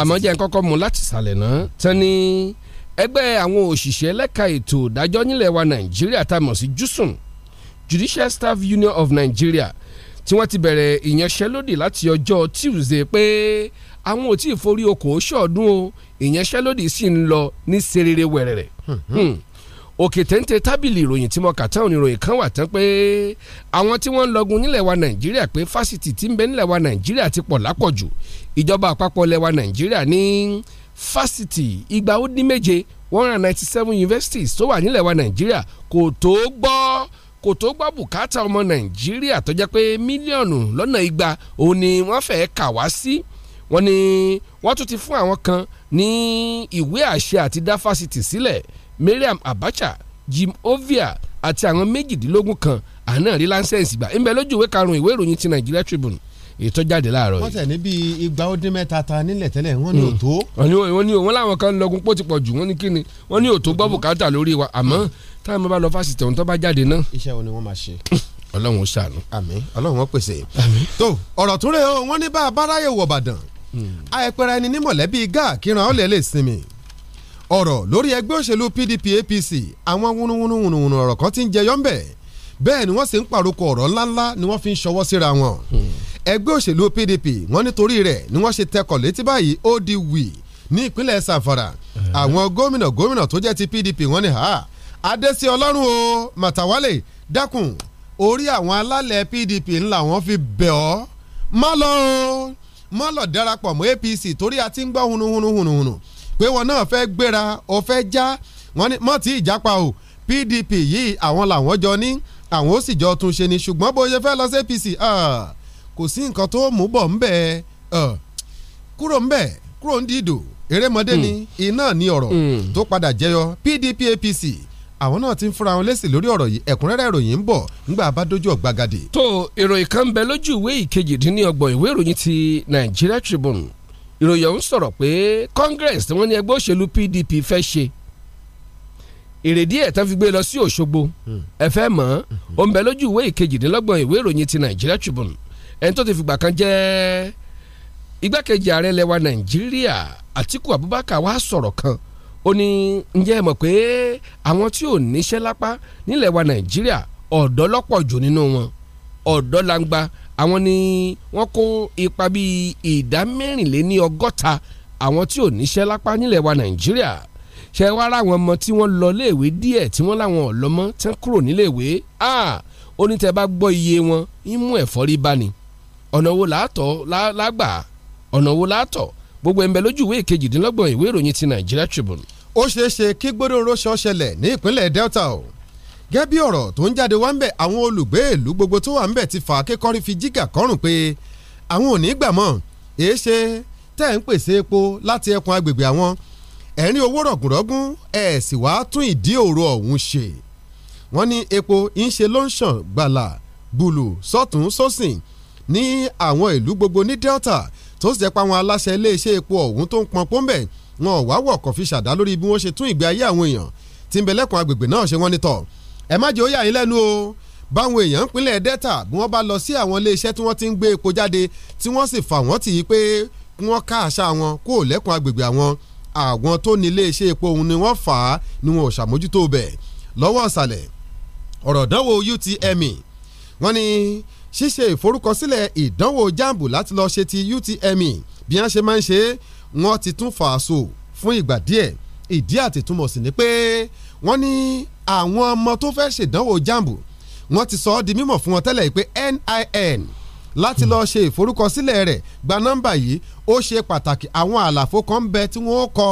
àmọ́ jẹ́ kọ́kọ́ mu láti sàlẹ̀ náà tán ni ẹgbẹ́ àwọn òṣìṣẹ́ lẹ́ka ètò ìdájọ́ nílẹ̀ wa nàìjíríà tá a mọ̀ sí jùsùn Judicial Staff Union of Nigeria tí wọ́n ti bẹ̀rẹ̀ ìyanṣẹ́lódì láti ọjọ́ Tuesday pé àwọn ò tí ì forí okòó ṣọ̀ọ́dún o ìyanṣẹ́lódì sì ń lọ ní serere wẹ̀rẹ̀rẹ̀. Hmm. Hmm, hmm òkè téńté tábìlì ìròyìn tí mo kà tán oníròyìn kan wà tán pé àwọn tí wọ́n ń lọ́gun nílẹ̀ wa nàìjíríà pé fásitì tí ń bẹ nílẹ̀ wa nàìjíríà ti pọ̀ lápọ̀jù ìjọba àpapọ̀ ilẹ̀ wa nàìjíríà ní fásitì igba ó dín méje one hundred ninety seven universities tó wà nílẹ̀ wa nàìjíríà kò tó gbọ́ kò tó gbọ́ bùkátà ọmọ nàìjíríà tó jẹ́ pé mílíọ̀nù lọ́nà igba òun ni wọ́n fẹ́ kà wá sí wọ́n ní wọ́n tún ti fún àwọn kan ní ìwé àṣẹ àti dá fásitì sílẹ̀ Mariam Abacha Jim Ovia àti àwọn méjìdínlógún kan àná rí láńsẹ̀nsì gbà ńbẹ lójú ìwé karùn-ún ìwé ìròyìn ti Nigeria Tribune ètò jáde láàárọ̀ yìí. wọ́n tẹ̀ níbi igba ó dín mẹ́ta ta nílẹ̀ tẹ́lẹ̀ wọ́n ní hmm. òtó. wọ́n ní wọ́n láwọn kan lọ́gun pọ̀ ti pọ̀ jù wọ́n ní kíni wọ́n ní òtó gbọ́ bùkátà lórí wa àmọ́ táwọn bá lọ fásitì ọ̀hún tó bá jáde náà. iṣẹ́ wo ni wọ́n máa ṣe. ọlọ́run ó ṣàánú. àmín ọlọ́run ó pèsè. tó ọ̀rọ̀ tún rẹ̀ o wọ́n ní bá a bá wọ̀ bàdàn. Hmm. àìpẹ́ra ẹni ní mọ̀lẹ́bí gáà kíran ó lè lè sinmi ọ̀rọ̀ lórí ẹgbẹ́ òṣèlú PDP APC àwọn wúnúwúnúwúnúwúnú ọ̀rọ̀ kan ti ń jẹyọ ńbẹ̀ bẹ́ẹ̀ ni wọ́n sì ń pàrokò ọ̀rọ̀ ńláńlá ni wọ́n fi ń ṣọwọ́ síra wọn. ẹgbẹ́ òṣèlú PDP wọ́n nítorí rẹ̀ ni wọ́n ṣe tẹkọ̀ létí báyìí ó di wì ní ìpínlẹ̀ Zamfara àwọn gómìnà gómìnà tó jẹ́ ti PDP wọ́n ní ha adésí ọlọ́run o màtàwálè dákun orí àwọn alálẹ̀ PDP ńlá wọn fi bẹ̀ ọ́ má lọ má lọ darapọ̀ mọ́ APC torí a ti ń gbọ́ hunuhunuhunuhunu pé wọn náà fẹ́ gbéra ọ fẹ́ já wọn ni mọ́tì ìjápa o PDP yìí àwọn làwọn jọ ní àwọn ó sì jọ tún ṣe ni ṣùgbọ́n bó ṣe fẹ́ lọ sí APC kò sí nǹkan tó mú bọ̀ ńbẹ̀ kúrò ńbẹ̀ kúrò ń dìdò erémọdé ni hmm. iná ni ọ̀rọ̀ hmm. tó padà jẹyọ PDP APC àwọn náà ti ń fúnra wọn lésì lórí ọ̀rọ̀ yìí ẹ̀kúnrẹ́rẹ́ ìròyìn ń bọ̀ ńgbà bá dójú ọ̀gbagadè. tó ìròyìn kan ń bẹ lójú ìwé ìkejìdínlọ́gbọ̀n ìwé ìròyìn ti Nigeria Tribune ìròyìn ọ̀hún sọ̀rọ̀ pé congress tí wọ́n ní ẹgbẹ́ òṣèlú pdp fẹ́ ṣe èrèdí ẹ̀ tán fi gbé lọ sí òṣogbo hmm. ẹ fẹ́ mọ̀ hmm. ó ń bẹ lójú ìwé ìkejìdínlọ́gbọ̀n ìwé ìròyìn ti nigeria tribune ẹni tó ti fìgbà kan jẹ́ igbákejì ààrẹ lẹwa nàìjíríà àtíkù abubakar wá sọ̀rọ̀ kan ó ní ǹjẹ́ ẹ mọ̀ pé àwọn tí ò níṣẹ́ lápá nílẹ̀ wa nàìjíríà ọ̀dọ́ lọ́pọ̀ jù nínú wọn ọ̀dọ́ langba àwọn ni wọ́n kó ipa bíi ìdá mẹ́rìnléní ọgọ́ta àwọn tí ò níṣẹ́ lápá nílẹ̀ wa nàìjíríà ṣe wá ra àwọn ọmọ tí wọ́n lọ léèwé díẹ̀ tí wọ́n láwọn ọ̀lọ́mọ tí wọ́n kúrò níléèwé ó ní tẹ́ bá gbọ́ iye wọn ń mú ẹ̀fọ́rí bá ni ọ̀nà wo làátọ̀ lágbà ọ̀nà wo làátọ̀ gbogbo ẹ̀ ń bẹ lójú ìwé ìkejìdínlọ́gbọ̀n ìwé ìròyìn ti Nigeria Tribune. ó ṣeé ṣe kí gbódò rọṣọ ṣẹlẹ̀ ní ìpínlẹ̀ Delta o gẹ́gẹ́ bí ọ̀rọ̀ tó ń jáde wá ń bẹ̀ àwọn olùgbé ìlú gbogbo tó wà ń bẹ̀ ti fà á kékọ́rí fi jígà kọ́rùn pé àwọn ò ní gbà mọ́ èé ṣe tẹ́ ń pèsè epo láti ẹkùn agbègbè àwọn ẹ̀rín owó rọ̀gùnrọ̀gùn ẹ̀ sì wá tún ìdí òru ọ̀hún ṣe wọ́n ní epo ń ṣe ló ń ṣàn gbàlà gbùlù sọ́tún sósìn ní àwọn ìlú gbogbo ní Delta tó sì jẹ́ pé àwọn aláṣẹ iléeṣẹ́ epo ọ̀hún tó ń pọn pọ́ńbẹ̀ wọn ò wá wọ̀kọ̀ fi ṣàdá lórí bí wọ́n ṣe tún ìgbé ayé àwọn èèyàn tí ń bẹ lẹ́kùn agbègbè náà ṣe wọ́n ní tọ̀ ẹ má jẹ́ ó yà yín lẹ́nu o báwọn èèyàn ìpínlẹ̀ delta bí wọ́n bá lọ sí àwọn iléeṣẹ́ tí wọ́n ti ń gbé epo jáde tí wọ́n sì fà wọ́n tì í pé kí wọ́n ká àṣà wọn kó lẹ́kùn agbègbè àwọn àwọn tó ní iléeṣẹ́ epo òun ni wọ́n fà á ni wọn ò ṣàmójútó bẹ̀ lọ́wọ́ ọ̀sàlẹ̀ ọ̀rọ̀ ìdánwò UTME wọ́n ní ṣíṣe ìforúkọsílẹ̀ ìdánwò jambu láti lọ ṣe ti UTME bí wọ́n ṣe máa ń ṣe wọ́n ti tún fàásù fún ìgbà díẹ̀ ìdí àtìtúmọ̀ sí ni pé wọ́n ní àwọn ọmọ tó fẹ́ ṣèdánwò jambu wọ́n ti sọ ọ́ di mímọ̀ fún wọn tẹ́lẹ̀ pé NIN láti lọ ṣe ìforúkọsílẹ̀ rẹ̀ gba nọ́mbà yìí ó ṣe pàtàkì àwọn àlàfo kan bẹ tí wọ́n kọ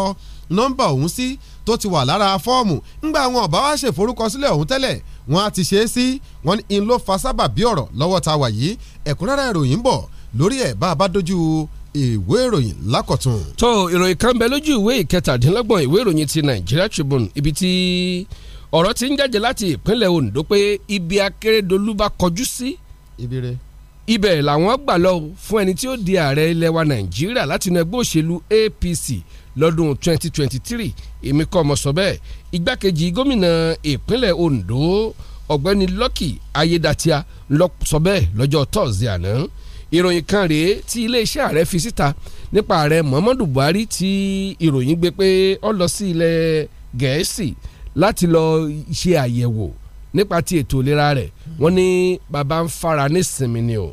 nọ́mbà ọ̀hún sí tó ti wà lára fọ́ọ̀mù ńgbà àwọn ọ̀bá wa ṣèforúkọsílẹ̀ ọ̀hún tẹ́lẹ̀ wọ́n á ti ṣe é sí wọ́n ní ló fa sábàbí ọ̀rọ̀ lọ́wọ́ ta wà yìí ẹ̀kúnrẹ́rẹ́ ìròyìn bọ̀ lórí ẹ̀ bá a bá dojú ìwé ìròyìn lákọ̀tún. tó ìròyìn kan bẹ lójú ìwé ìkẹtàdínlọ́gbọ̀n ìwé ìròyìn ti Nigeria Tribune ibi tí ọ̀rọ̀ tí ń jáde láti ìpínlẹ̀ Ondo pé ibi Akérédolú bá kọjú sí ibẹ̀ làwọn gbà lọ fún ẹni tí ó di ààrẹ ilẹ̀ wa Nàìjíríà láti inú ẹgbẹ́ òṣèlú APC lọ́dún 2023 èmi kọ́ ọmọ sọ bẹ́ẹ̀ igbákejì gómìnà ìpínlẹ̀ Ondo ọ̀gbẹ́ni Lucky Ayédàtíà ló sọ bẹ́ẹ̀ lọ́jọ́ tọ́sídẹ̀ẹ́ àná ìròyìn kan rèé tí iléeṣẹ́ ààrẹ fi síta nípa ààrẹ Muhammadu Buhari tí ìròyìn gbé pé ó lọ sí ilẹ̀ Gẹ̀ẹ́sì si láti lọ ṣe àyẹ̀wò nípa ti ètò ìlera rẹ̀ wọ́n ní bàbá ń fara nísìnyí ni o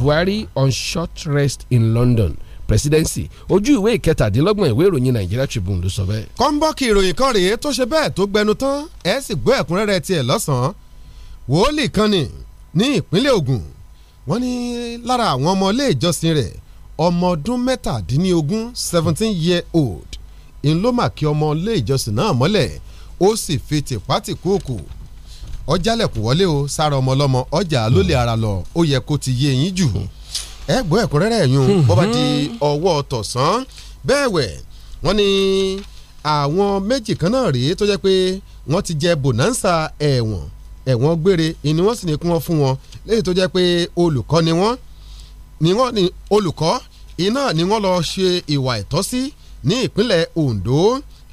Buhari on short rest in London presidency ojú ìwé ìkẹtàdínlọ́gbọ̀n ìwé ìròyìn Nigeria Tribune ló sọ bẹ́ẹ̀. kọ́ńbọ́ọ̀kì ìròyìn kan rèé tó ṣe bẹ́ẹ̀ tó gbẹnu tán ẹ̀ sì gbọ́ ẹ̀kúnrẹ́rẹ́ tiẹ̀ lọ́sàn-án wòólì kan ni ní ìpínlẹ̀ Ògùn wọ́n ní lára àwọn ọmọ ilé ìjọsìn rẹ̀ ọmọ ọdún mẹ́tàdínlógún seventeen year old ń ló mà kí ọmọ ilé ìjọsìn náà mọ́lẹ̀ ó sì fi tìpátìkúùkù ọjàlẹ̀kù wọlé o sára ọmọ ọlọ́mọ ọjà lólè ara lọ ó yẹ kó ti yé yín jù ẹ gbọ́ ẹ̀kúnrẹ́rẹ́ yún bó bá di ọwọ́ tọ̀sán bẹ́ẹ̀ wẹ̀ wọ́n ní àwọn méjì kan náà rèé tó jẹ́ pé wọ́n ti jẹ bonanza ẹ̀wọ̀n ẹ̀wọ̀n gbére ni wọ́n sì ní kí wọ́n fún wọn léyìí tó jẹ́ pé olùkọ́ ni wọ́n ni wọ́n ni olùkọ́ iná ni wọ́n lọ ṣe ìwà ìtọ́sí ní ìpínlẹ̀ Ondo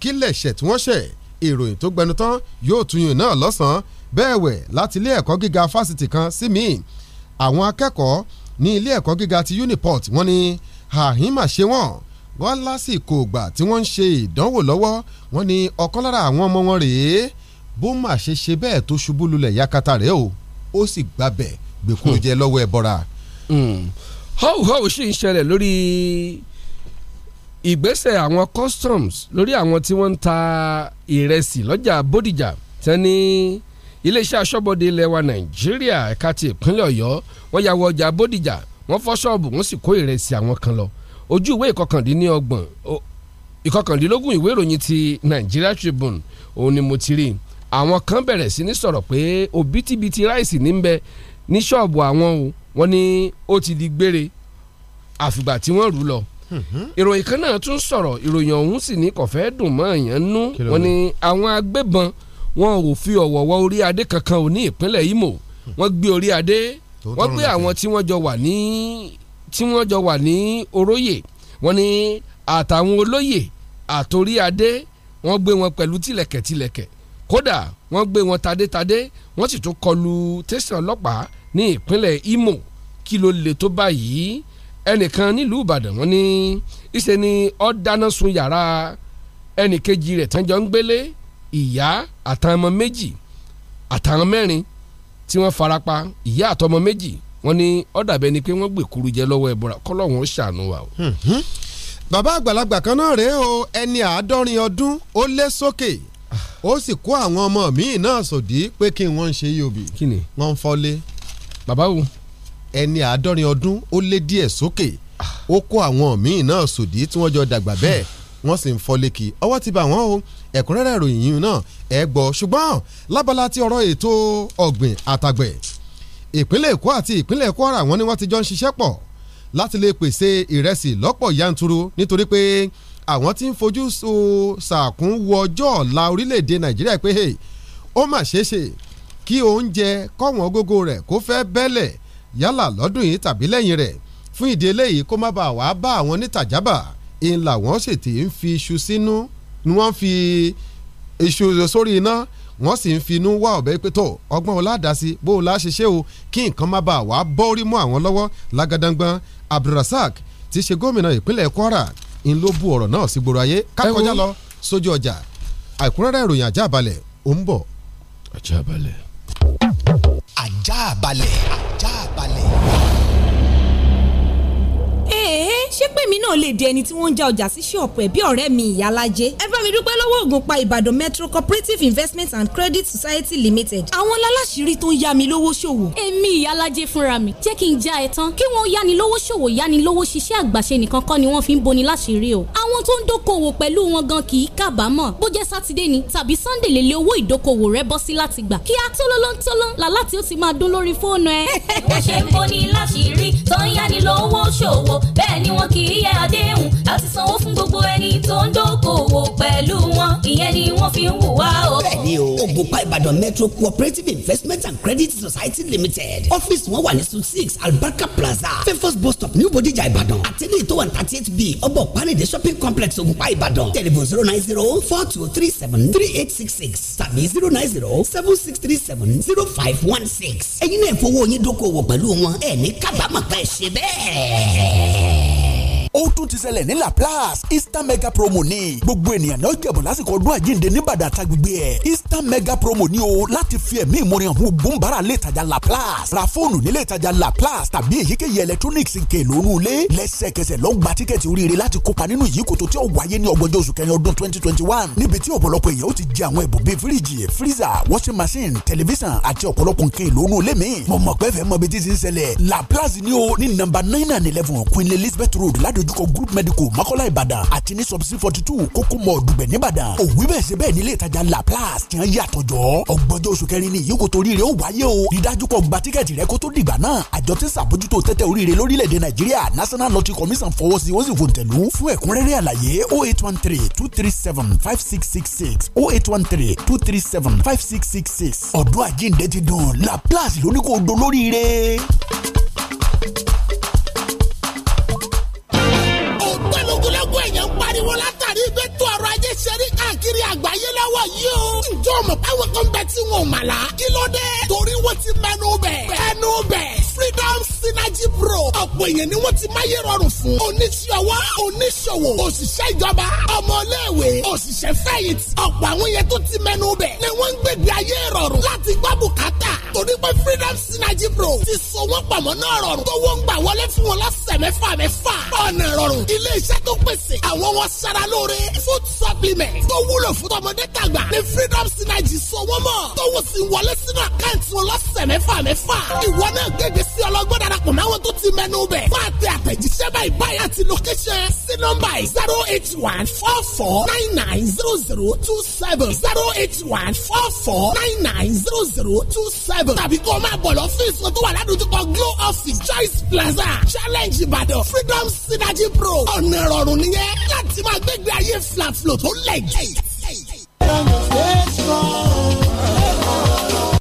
kílẹ̀ ṣẹ̀ tí wọ́n ṣẹ̀ ìròyìn tó gbẹnu tán yóò tuyùn náà lọ́sàn-án bẹ́ẹ̀ wẹ̀ láti ilé ẹ̀kọ́ gíga fásitì kan sí mi àwọn akẹ́kọ̀ọ́ ní ilé ẹ̀kọ́ gíga ti Uniport wọ́n ní àhímà ṣe wọ́n wọ́n lásìkò ìgbà tí wọ́n ń ṣe ìdánwò lọ́wọ́ wọ́n ní ọ̀kan lára àwọn ọmọ wọn rèé bó mà ṣe ṣe bẹ́ẹ̀ tó ṣubú lulẹ̀ yakata rẹ̀ o ó sì gbabẹ̀ gbẹ̀kúrú hmm. jẹ lọ́wọ́ ẹ bọ́ra. họ́wùhọ́wù hmm. sì ń ṣẹlẹ̀ lórí ìgbésẹ̀ àwọn customs lórí àwọn tí wọ́n ń ta ìrẹsì lọ́jà bódìjà tán ní iléeṣẹ́ aṣọ́bodè ilẹ̀ wa nàìjíríà ẹ̀ka ti ìpínlẹ̀ ọ̀yọ́ wọ́n ya wọ ọjà bódìjà wọ́n fọ́ ṣọ́ọ̀bù wọ́n sì kó ìrẹsì àwọn kan lọ ojú ìwé ìkọkàndínlọ́gbọ̀n ìkọkàndínlógún ìwé ìròyìn ti Nigeria Tribune òun ni mo ti rí àwọn kan bẹ̀rẹ̀ sí ní sọ̀rọ̀ pé òbítíbitì ráìsì ní bẹ ní ṣọ́ọ̀bù àwọn o wọ́n ní ó ti di gbére àfìgbà tí wọ́n rú lọ ìròyìn kan náà tún sọ̀rọ̀ ìròyìn ọ̀hún sì ní kò fẹ́ dùn mọ́ èèyàn nú wọn ni àwọn agbébọn wọn ò fi ọ̀wọ̀ wọ orí adé kankan ò ní ìpínlẹ̀ Imo hmm. wọ́n gbé orí adé wọ́n gbé àwọn tí wọ́n jọ wà ní tí wọ́n jọ wà ní oróyè wọ́n ní àtàwọn olóyè àtòrí adé wọ́n gbé wọn pẹ̀lú tìlẹ̀kẹ̀tìlẹ̀kẹ̀ kódà wọ́n gbé wọn tadétadé wọ́n sì tún kọlu tẹ̀sán ọlọ́pàá ní ìpínlẹ̀ Imo kí ló le tó báyìí ẹnìkan nílùú ìbàdàn wọn ní ìṣe ni ó dáná sun yàrá ẹnìkejì rẹ̀ tán jọ ń gbélé ìyá àtàwọn ọmọ méjì àtàwọn mẹ́rin tí wọ́n farapa ìyá àtọmọ méjì wọ́n ní ó dàbẹ́ ni pé wọ́n gbèkúrú jẹ lọ́wọ́ ẹ̀bùrà kọ́lọ́hún ṣàánú wa o. Mhm. bàbá àgbàlagbà kan náà rèé o ẹni àádọ́rin ọdún ó lé sókè ah. ó sì kó àwọn ọmọ míì náà sòdí pé kí wọ́n ń ṣe yóò bì. wọ́n ń fọ́lé. bàbá wo ẹni àádọ́rin ọdún ó lé díẹ̀ sókè ó kó àwọn míì náà sòdí tí wọ́n jọ dàgbà bẹ́ẹ̀ wọ́n sì ń fọ́ lékì ọwọ́ ti bà wọ́n o ẹ̀kúnrẹ́rẹ́ ìròyìn yìí náà ẹ gbọ́ ṣùgbọ́n lábala ti ọ̀rọ̀ ètò ọ̀gbìn àtàgbẹ̀ ìpínlẹ̀ èkó àti ìpínlẹ̀ kwara wọn ni wọ́n ti jọ ń ṣiṣẹ́ pọ̀ láti lè pèsè ìrẹsì lọ́pọ̀ yanturu nítorí pé àwọn tí ń fojú sàkún wo ọjọ́ ọ̀la orílẹ̀-èdè nàìjíríà pé ó mà ṣeé kí oúnjẹ kọ́wọ́n gógó rẹ̀ kó fẹ́ bẹ́lẹ̀ yálà lọ́dún yìí tàbí lẹ́yìn rẹ̀ fún ìdí eléyìí kó má bàa wá bá àwọn nítàjábà ń làwọn ṣètì ń fi iṣu sínú ni wọ́n fi iṣu sórí iná wọ́n sì ń finú wá ọ̀bẹ pé tó ọgbọ́n wọn ládàásí bó o láṣeṣe o kí nǹkan má bàa wá bọ́ọ̀rí mọ́ àwọn lọ́wọ́ lágàdàngbọ́n Abdulrasaq ti ṣe gómìnà ìpínlẹ̀ Kwara ń ló bu ọ̀rọ̀ náà sí gbòòrò ayé ká lọ sójú ọjà àìkúrẹ́rẹ́ ìròyìn ajá balẹ̀ ó ń bọ̀. ajá balẹ̀. ajá balẹ̀. ajá balẹ̀ balẹ̀ ṣé pèmí náà lè di ẹni tí wọ́n ń ja ọjà sí ṣọ́ọ̀pù ẹ̀ bí ọ̀rẹ́ mi ìyálájé ẹ bá mi dúpẹ́ lọ́wọ́ Ògùnpa Ìbàdàn Metro Cooperative Investment and Credit Society Limited àwọn aláṣìírí tó ń yá mi lówó ṣòwò. èmi ìyálájé fúnra mi jẹ́ kí n já ẹ tán kí wọ́n yáni lówó ṣòwò yáni lówó ṣiṣẹ́ àgbàṣe nìkan kọ́ ni wọ́n fi ń boni láṣìírí o àwọn tó ń dókòwò pẹ̀lú wọn gan kì í kábàámọ̀ bó jẹ́ sátidé ni tàbí sannde lè lé owó ìdókòwò rẹ bọ́ sí láti gbà kíá tólólóńtóló làlá tí ó ti máa dún lórí fóònù ẹ. bó ṣe ń boni láṣìírí tó ń yáni lówó ṣòwò bẹ́ẹ̀ ni w wọn kì í yẹ àdéhùn àti sanwó fún gbogbo ẹni tó ń dókòwò pẹ̀lú wọn ìyẹn ni wọ́n fi ń hùwà o. bẹ́ẹ̀ni o ògùnpá ìbàdàn metro cooperative investment and credit society limited ọ́fíìsì wọn wà ní suite six albarka plaza fẹ́fọ́s bus stop new bodijà ìbàdàn àtẹ̀lé tó wà ní thirty eight b ọbọ̀ panade shopping complex ògùnpá ìbàdàn tẹlifon zero nine zero four two three seven three eight six six tàbí zero nine zero seven six three seven zero five one six ẹ̀yin náà fowó yín dókòwò pẹ̀lú wọn ẹ̀ ní kábàámọ̀ pẹ̀ ṣe bẹ́ẹ̀ ó tún ti ṣẹlẹ̀ ní laplace easter mega promo ni gbogbo ènìyàn ni ó jẹ̀bọ̀ lásìkò ọdún àjíǹde ní àtàgbègbè ẹ̀ easter mega promo ni o láti fi ẹ̀mí ìmúrin àwọn ògbóǹbàrà lè tajà laplace ra fóònù nílé ìtajà laplace tàbí èyíkéyìí electronics nke lónú ilé lẹ́sẹ̀kẹsẹ̀ ló ń gba tíkẹ́ẹ̀tì oríire láti kópa nínú ìyíkòtò tí ó wáyé ní ọgbọ̀njọ́ oṣù kẹrin ọdún twenty twenty one níbi tí ọ̀pọ̀lọpọ̀ èèyàn ó ti washing machine tẹlifíṣàn àti ọ̀pọ̀lọpọ̀ nke lónú mi mo mọ̀ pé fẹ́ mọ ni o ní nàmbà nine and eleven Queen Elizabeth Road ládùn dojúkọ group medical mọ́kọ́lá ìbàdàn àti ní subsidy forty two kókó mọ́ dùgbẹ̀ nìbàdàn òwú bẹ́ẹ̀ ṣe bẹ́ẹ̀ nílé ìtajà laplace tiẹ̀ yàtọ̀ jọ ọgbọ́njọ́ oṣù kẹrin ni yòókò torí rẹ̀ ó wáyé o dídájú kọ gba tíkẹ́ẹ̀tì rẹ kó tó dìgbà náà àjọ tí sàbójútó tẹ́tẹ́ oríire lórílẹ̀‐èdè nàìjíríà national lottery commission fọwọ́ sí ó sì fòǹtẹ̀lú fún ẹ̀kúnrẹ́rẹ́ àlàyé oh eight one three two three seven five six six six oh eight one three two three seven five six six six ọ̀dọ́ àjíǹde ti dùn laplace lóníkó dolóríire. you. tó mọ̀ páwọn kan bẹ tí wọn ò mà la kí ló dé torí wọ́n ti mẹ́nu bẹ̀ ẹnu bẹ̀ freedom synergy pro ọ̀pọ̀ èèyàn ni wọ́n ti máyé rọrùn fún oníṣòwò oníṣòwò òṣìṣẹ́ ìjọba ọmọléèwé òṣìṣẹ́ fẹ̀yìntì ọ̀pọ̀ àwọn yẹn tó ti mẹ́nu bẹ̀ ni wọ́n ń gbègbè ayé rọrùn láti gbọ́ bùkátà torí pé freedom synergy pro ti so wọn pamọ́ náà rọrùn tó wọ́n gbà wọlé fún wọn lọ́sẹ̀ mẹ́fà mẹ́fà ọ̀nà rọrùn ilé iṣẹ́ tó pèsè àwọn wọn sara lóore food supplement tó wúlò fún tọmọdé tàgbà ni freedom láti sọwọ́ mọ̀. tówó sì wọlé sínú àkáǹtì wọn lọ́sẹ̀ mẹ́fà mẹ́fà. ìwọ náà gègé sí ọlọ́gbọ́n darapọ̀ máwọn tó ti mẹ́nu bẹ̀. fún àtẹ àtẹ̀jíṣẹ́ báyìí báyìí àti location sí nọ́mbà zero eight one four four nine nine zero zero two seven zero eight one four four nine nine zero zero two seven. tàbí kó o máa bọ̀ lọ fíìsì tó wà ládùúgbò Glow Office Choice Plaza Challenge Ìbàdàn Freedom Synergy Pro ọ̀nà ìrọ̀rùn nìyẹn láti máa gbégbé ayé flaflo tó lẹ̀ jẹ́. Pra meus descolos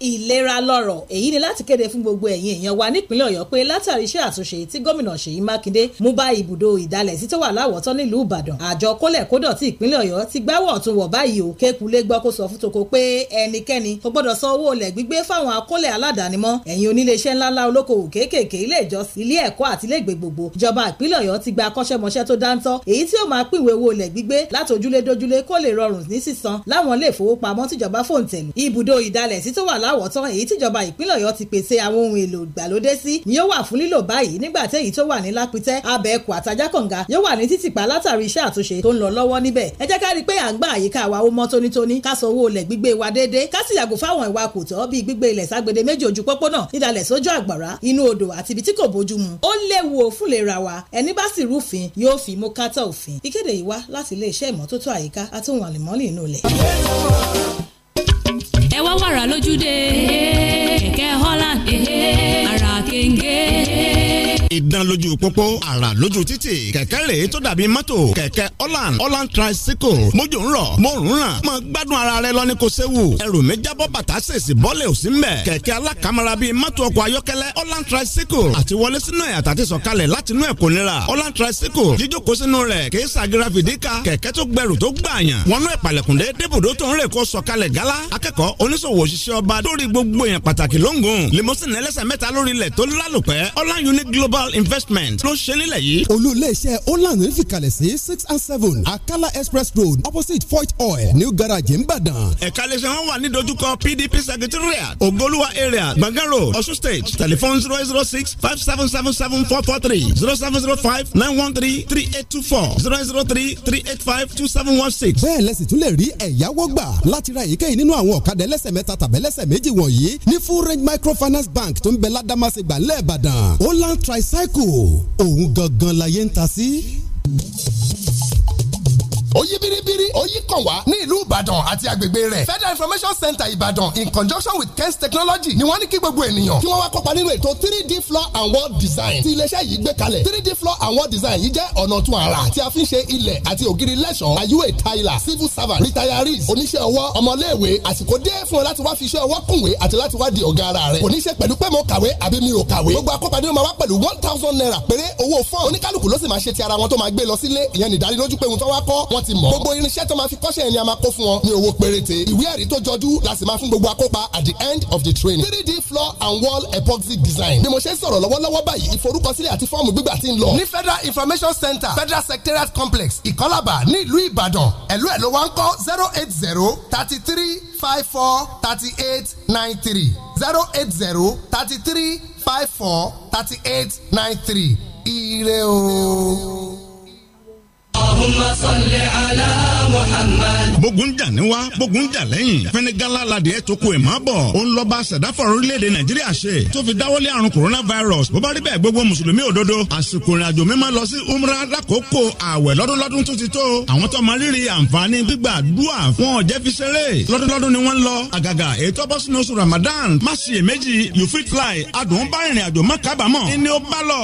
ìlera lọ́rọ̀ èyí ni láti kéde fún gbogbo ẹ̀yin èèyàn wa nípínlẹ̀ ọ̀yọ́ pé látàrí iṣẹ́ àtúnṣe tí gómìnà ṣèyí mákindé mú bá ibùdó ìdálẹ̀sí tó wà láwọ̀tán nílùú ìbàdàn àjọ kólẹ̀ kódọ̀ tí ìpínlẹ̀ ọ̀yọ́ ti gbáwọ̀ tún wọ̀ báyìí o kékulé gbọ́ kó sọ fún toko pé ẹnikẹ́ni kò gbọ́dọ̀ san owó olẹ̀ gbígbé fáwọn akólẹ̀ aládàáni mọ́ ẹ̀yin oníléeṣẹ́ ńláńlá olókoòwò kéékèèké ilé ìjọsìn ilé ẹ̀kọ́ àti ilé ìgbé gbogbo ìjọba ìpínlẹ̀ ọ̀yọ́ ti gba akọ́ṣẹ́mọṣẹ́ tó dáńtọ́ èyí tí ó máa pínwé owó olẹ̀ gbígbé látòjúlé dójúlé kó lè rọrùn ní sísan láwọn ilé ìfowópamọ́ tìjọba fòǹtẹ̀lù ibùdó aláwọ̀tán èyí tíjọba ìpínlẹ̀ ọ̀yọ́ ti pèsè àwọn ohun èlò ìgbàlódé sí ni yóò wà fún lílò báyìí nígbà tí èyí tó wà ní lápítẹ́ abẹ́ẹ̀kù àtajákànga yóò wà ní títìpa látàrí iṣẹ́ àtúnṣe tó ń lọ lọ́wọ́ níbẹ̀ ẹ jẹ́ ká rí i pé à ń gba àyíká wa ó mọ́ tónítóní ká sọ owó ilẹ̀ gbígbé wa déédéé ká sì yàgò fáwọn ìwà kò tọ́ bíi gbígbé ilẹ̀ ságbede méjì ojú pópónà nídalẹ̀ sójú àgbàrá inú odò àti ibi tí kò bójú mu ó léwu o fún lera wa ẹni bá sì rúfin yóò fi mú kátà òfin ìkéde yìí wá láti iléeṣẹ́ ìmọ́tótó àyíká àti ohun àlùmọ́ọ́lì inú ilẹ̀ ẹ wá wàrà lójúde kẹ̀kẹ́ Holland ara kẹ̀ǹgẹ́ idán lójú pópó àrà lójú títì kẹ̀kẹ́ rèé tó dàbí mọ́tò kẹ̀kẹ́ holland holland tricycle mójú ń rọ̀ mo ń ràn mọ gbádùn ara rẹ lọ ní kò séwu ẹrù mi jábọ́ bàtà ṣèṣì bọ́lẹ̀ ò sí mbẹ̀ kẹ̀kẹ́ alákàmọ́ra bíi mọ́tò ọkọ̀ ayọ́kẹ́lẹ́ holland tricycle àti wọlé sínú ẹ̀ àtàtì sọ̀kalẹ̀ láti inú ẹ̀ kò nira holland tricycle jíjókòó sínú rẹ̀ kìí sàgìrà fìdíkà kẹ̀kẹ́ tó gbẹrù tó gbààyàn wọnú ìpàlẹ̀kùndé débùdó tó ń rè kó sọ̀kalẹ̀ gálá akẹ́kọ̀ọ́ oníṣòwò òṣìṣẹ́ ọba lórí gbogbo èèyàn pàtàkì lóńgùn limousine global global investment ló ń ṣe nílẹ̀ yìí. olú iléeṣẹ́ holland ń fìkàlẹ̀ sí six and seven akala express road opposite fort oil new garage nìbàdàn. ẹ̀ka iléeṣẹ́ wọn wà ní dojúkọ pdp secretariat ogoluwa area gbàngán road osun state telephone zero zero six five seven seven seven four four three zero seven zero five nine one three three eight two four zero zero three three eight five two seven one six. bẹ́ẹ̀ lẹ́sìn tún lè rí ẹ̀yáwó gbà láti ra èyíkéyìí nínú àwọn ọ̀kadà ẹlẹ́sẹ̀ mẹ́ta tàbẹ́lẹ́sẹ̀ méjì wọ̀nyí ní full range microfinance bank tó ń bẹ ládàmásẹ̀gbà lẹ́ẹ̀bàdàn holland tricycle cycle òun gangan la yẹn ń ta sí ó yí biribiri ó yí kàn wá ní ìlú ìbàdàn àti agbègbè rẹ̀ federal information center ìbàdàn in conjunction with kens technology ni wọ́n ní kí gbogbo ènìyàn kí wọ́n wá kópa nínú ètò 3 d floor and wall design tí iléeṣẹ́ yìí gbé kalẹ̀ 3 d floor and wall design yìí jẹ́ ọ̀nà tún ara tí a fi ń ṣe ilẹ̀ àti ògiri lẹ́ṣọ̀ọ́ ayúwe tayla civil servant retirees oníṣẹ́ ọwọ́ ọmọléèwé àsìkò dé fún ọ láti wá fi iṣẹ́ ọwọ́ kùnwé àti láti wá di ọ̀gá ara rẹ̀ kò ní ṣe pẹ̀lú pé mo kàwé àbí mi ò kàwé gbogbo akópa nínú máa wá pẹ̀lú one thousand naira péré owó fọ́ọ̀n oníkálukú ló sì máa ṣe ti ara wọn tó máa gbé lọ sílé ìyẹn nìdánilójú pé òun tó wá kọ́ ti mọ̀. gbogbo irinṣẹ́ tó máa fi kọ́ṣẹ́ yẹn a máa kó fún wọn ní owó péréte. ìwé ẹ̀rí tó jọjú la sì máa fún gbogbo akópa at the end of the training. 3D floor and wall epoxy design. bí mo ṣe ń sọ̀rọ̀ lọ́wọ́lọ́wọ́ báyìí ìforúkọsílẹ̀ àti fọ́ọ̀mù gbígbà ti ń lọ. ní federal information center federal secretariat complex ìkọ́lábà ní ìlú ìbàdàn ẹ̀lú ẹ̀ ló wá ń kọ́ zero eight zero thirty three five four thirty eight nine three zero eight zero thirty three five four thirty eight nine three ire o. Allahumma salli jà ní wa bógun jà lẹ́yìn fẹnigala ladìẹ tó kù ẹ̀ má bọ̀ ó ń lọ́ba sẹ̀dáfà orílẹ̀-èdè nàìjíríà ṣe tó fi dáwọ́lé àrùn coronavirus bó bá rí bẹ́ẹ̀ gbogbo mùsùlùmí òdodo àsìkò ìrìnàjò mímọ́ lọ sí umrah lákòókò ààwẹ̀ lọ́dúnlọ́dún tó ti tó àwọn tó máa rírì àǹfààní gbígbà dúà wọn ò jẹ́ fi ṣeré lọ́dúnlọ́dún ni wọ́n ń lọ you fit fly adùn bá ìrìn àjò má kábàámọ̀ ẹni ó bá lọ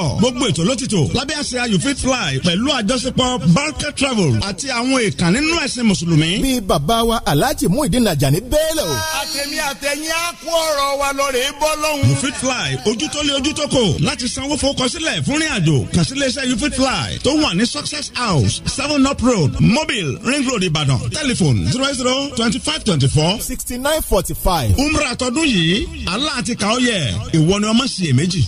you fit fly pẹ̀lú àjọṣepọ̀ bark Rocket Travel àti àwọn ìkànnì nínú ẹ̀sìn mùsùlùmí. bí bàbá wa Alhaji Muhyiddin Ajani bẹ́ẹ̀lẹ̀ o. àtẹ̀mí àtẹ̀yìn á kó ọ̀rọ̀ wa lọ́rẹ̀ bọ́ lọ́hùn. you fit fly ojú tó lé ojú tó kò láti sanwó fowókọsílẹ̀ fún rìn àjò kàn sí iléeṣẹ́ you fit fly tó wà ní Success House Seven Up Road Mobile Ring Road Ìbàdàn telephone zero zero twenty five twenty four sixty nine forty five. umrah tọdún yìí aláàtì kàó yẹ ìwọ ni ọmọ sí èméjì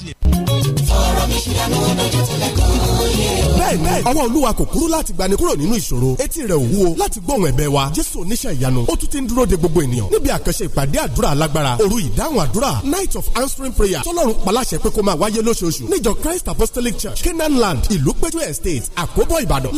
ọ̀rọ̀ mi ṣe àmú lójú tilẹ̀ kọ́ yé o. bẹ́ẹ̀ni ọwọ́ olúwa kò kúrú láti gbani kúrò nínú ìṣòro etí rẹ̀ ò wúwo láti gbóhùn ẹ̀bẹ̀ wa jésù oníṣẹ́ ìyanu ó tún ti ń dúró de gbogbo ènìyàn níbi àkànṣe ìpàdé àdúrà alágbára òru ìdáhùn àdúrà night of answering prayer tọ́lọ́run paláṣẹ pé kó máa wáyé lóṣooṣù níjọ christ apostolic church canaan land ìlú péjú estate àkóbọ̀ ìbàdàn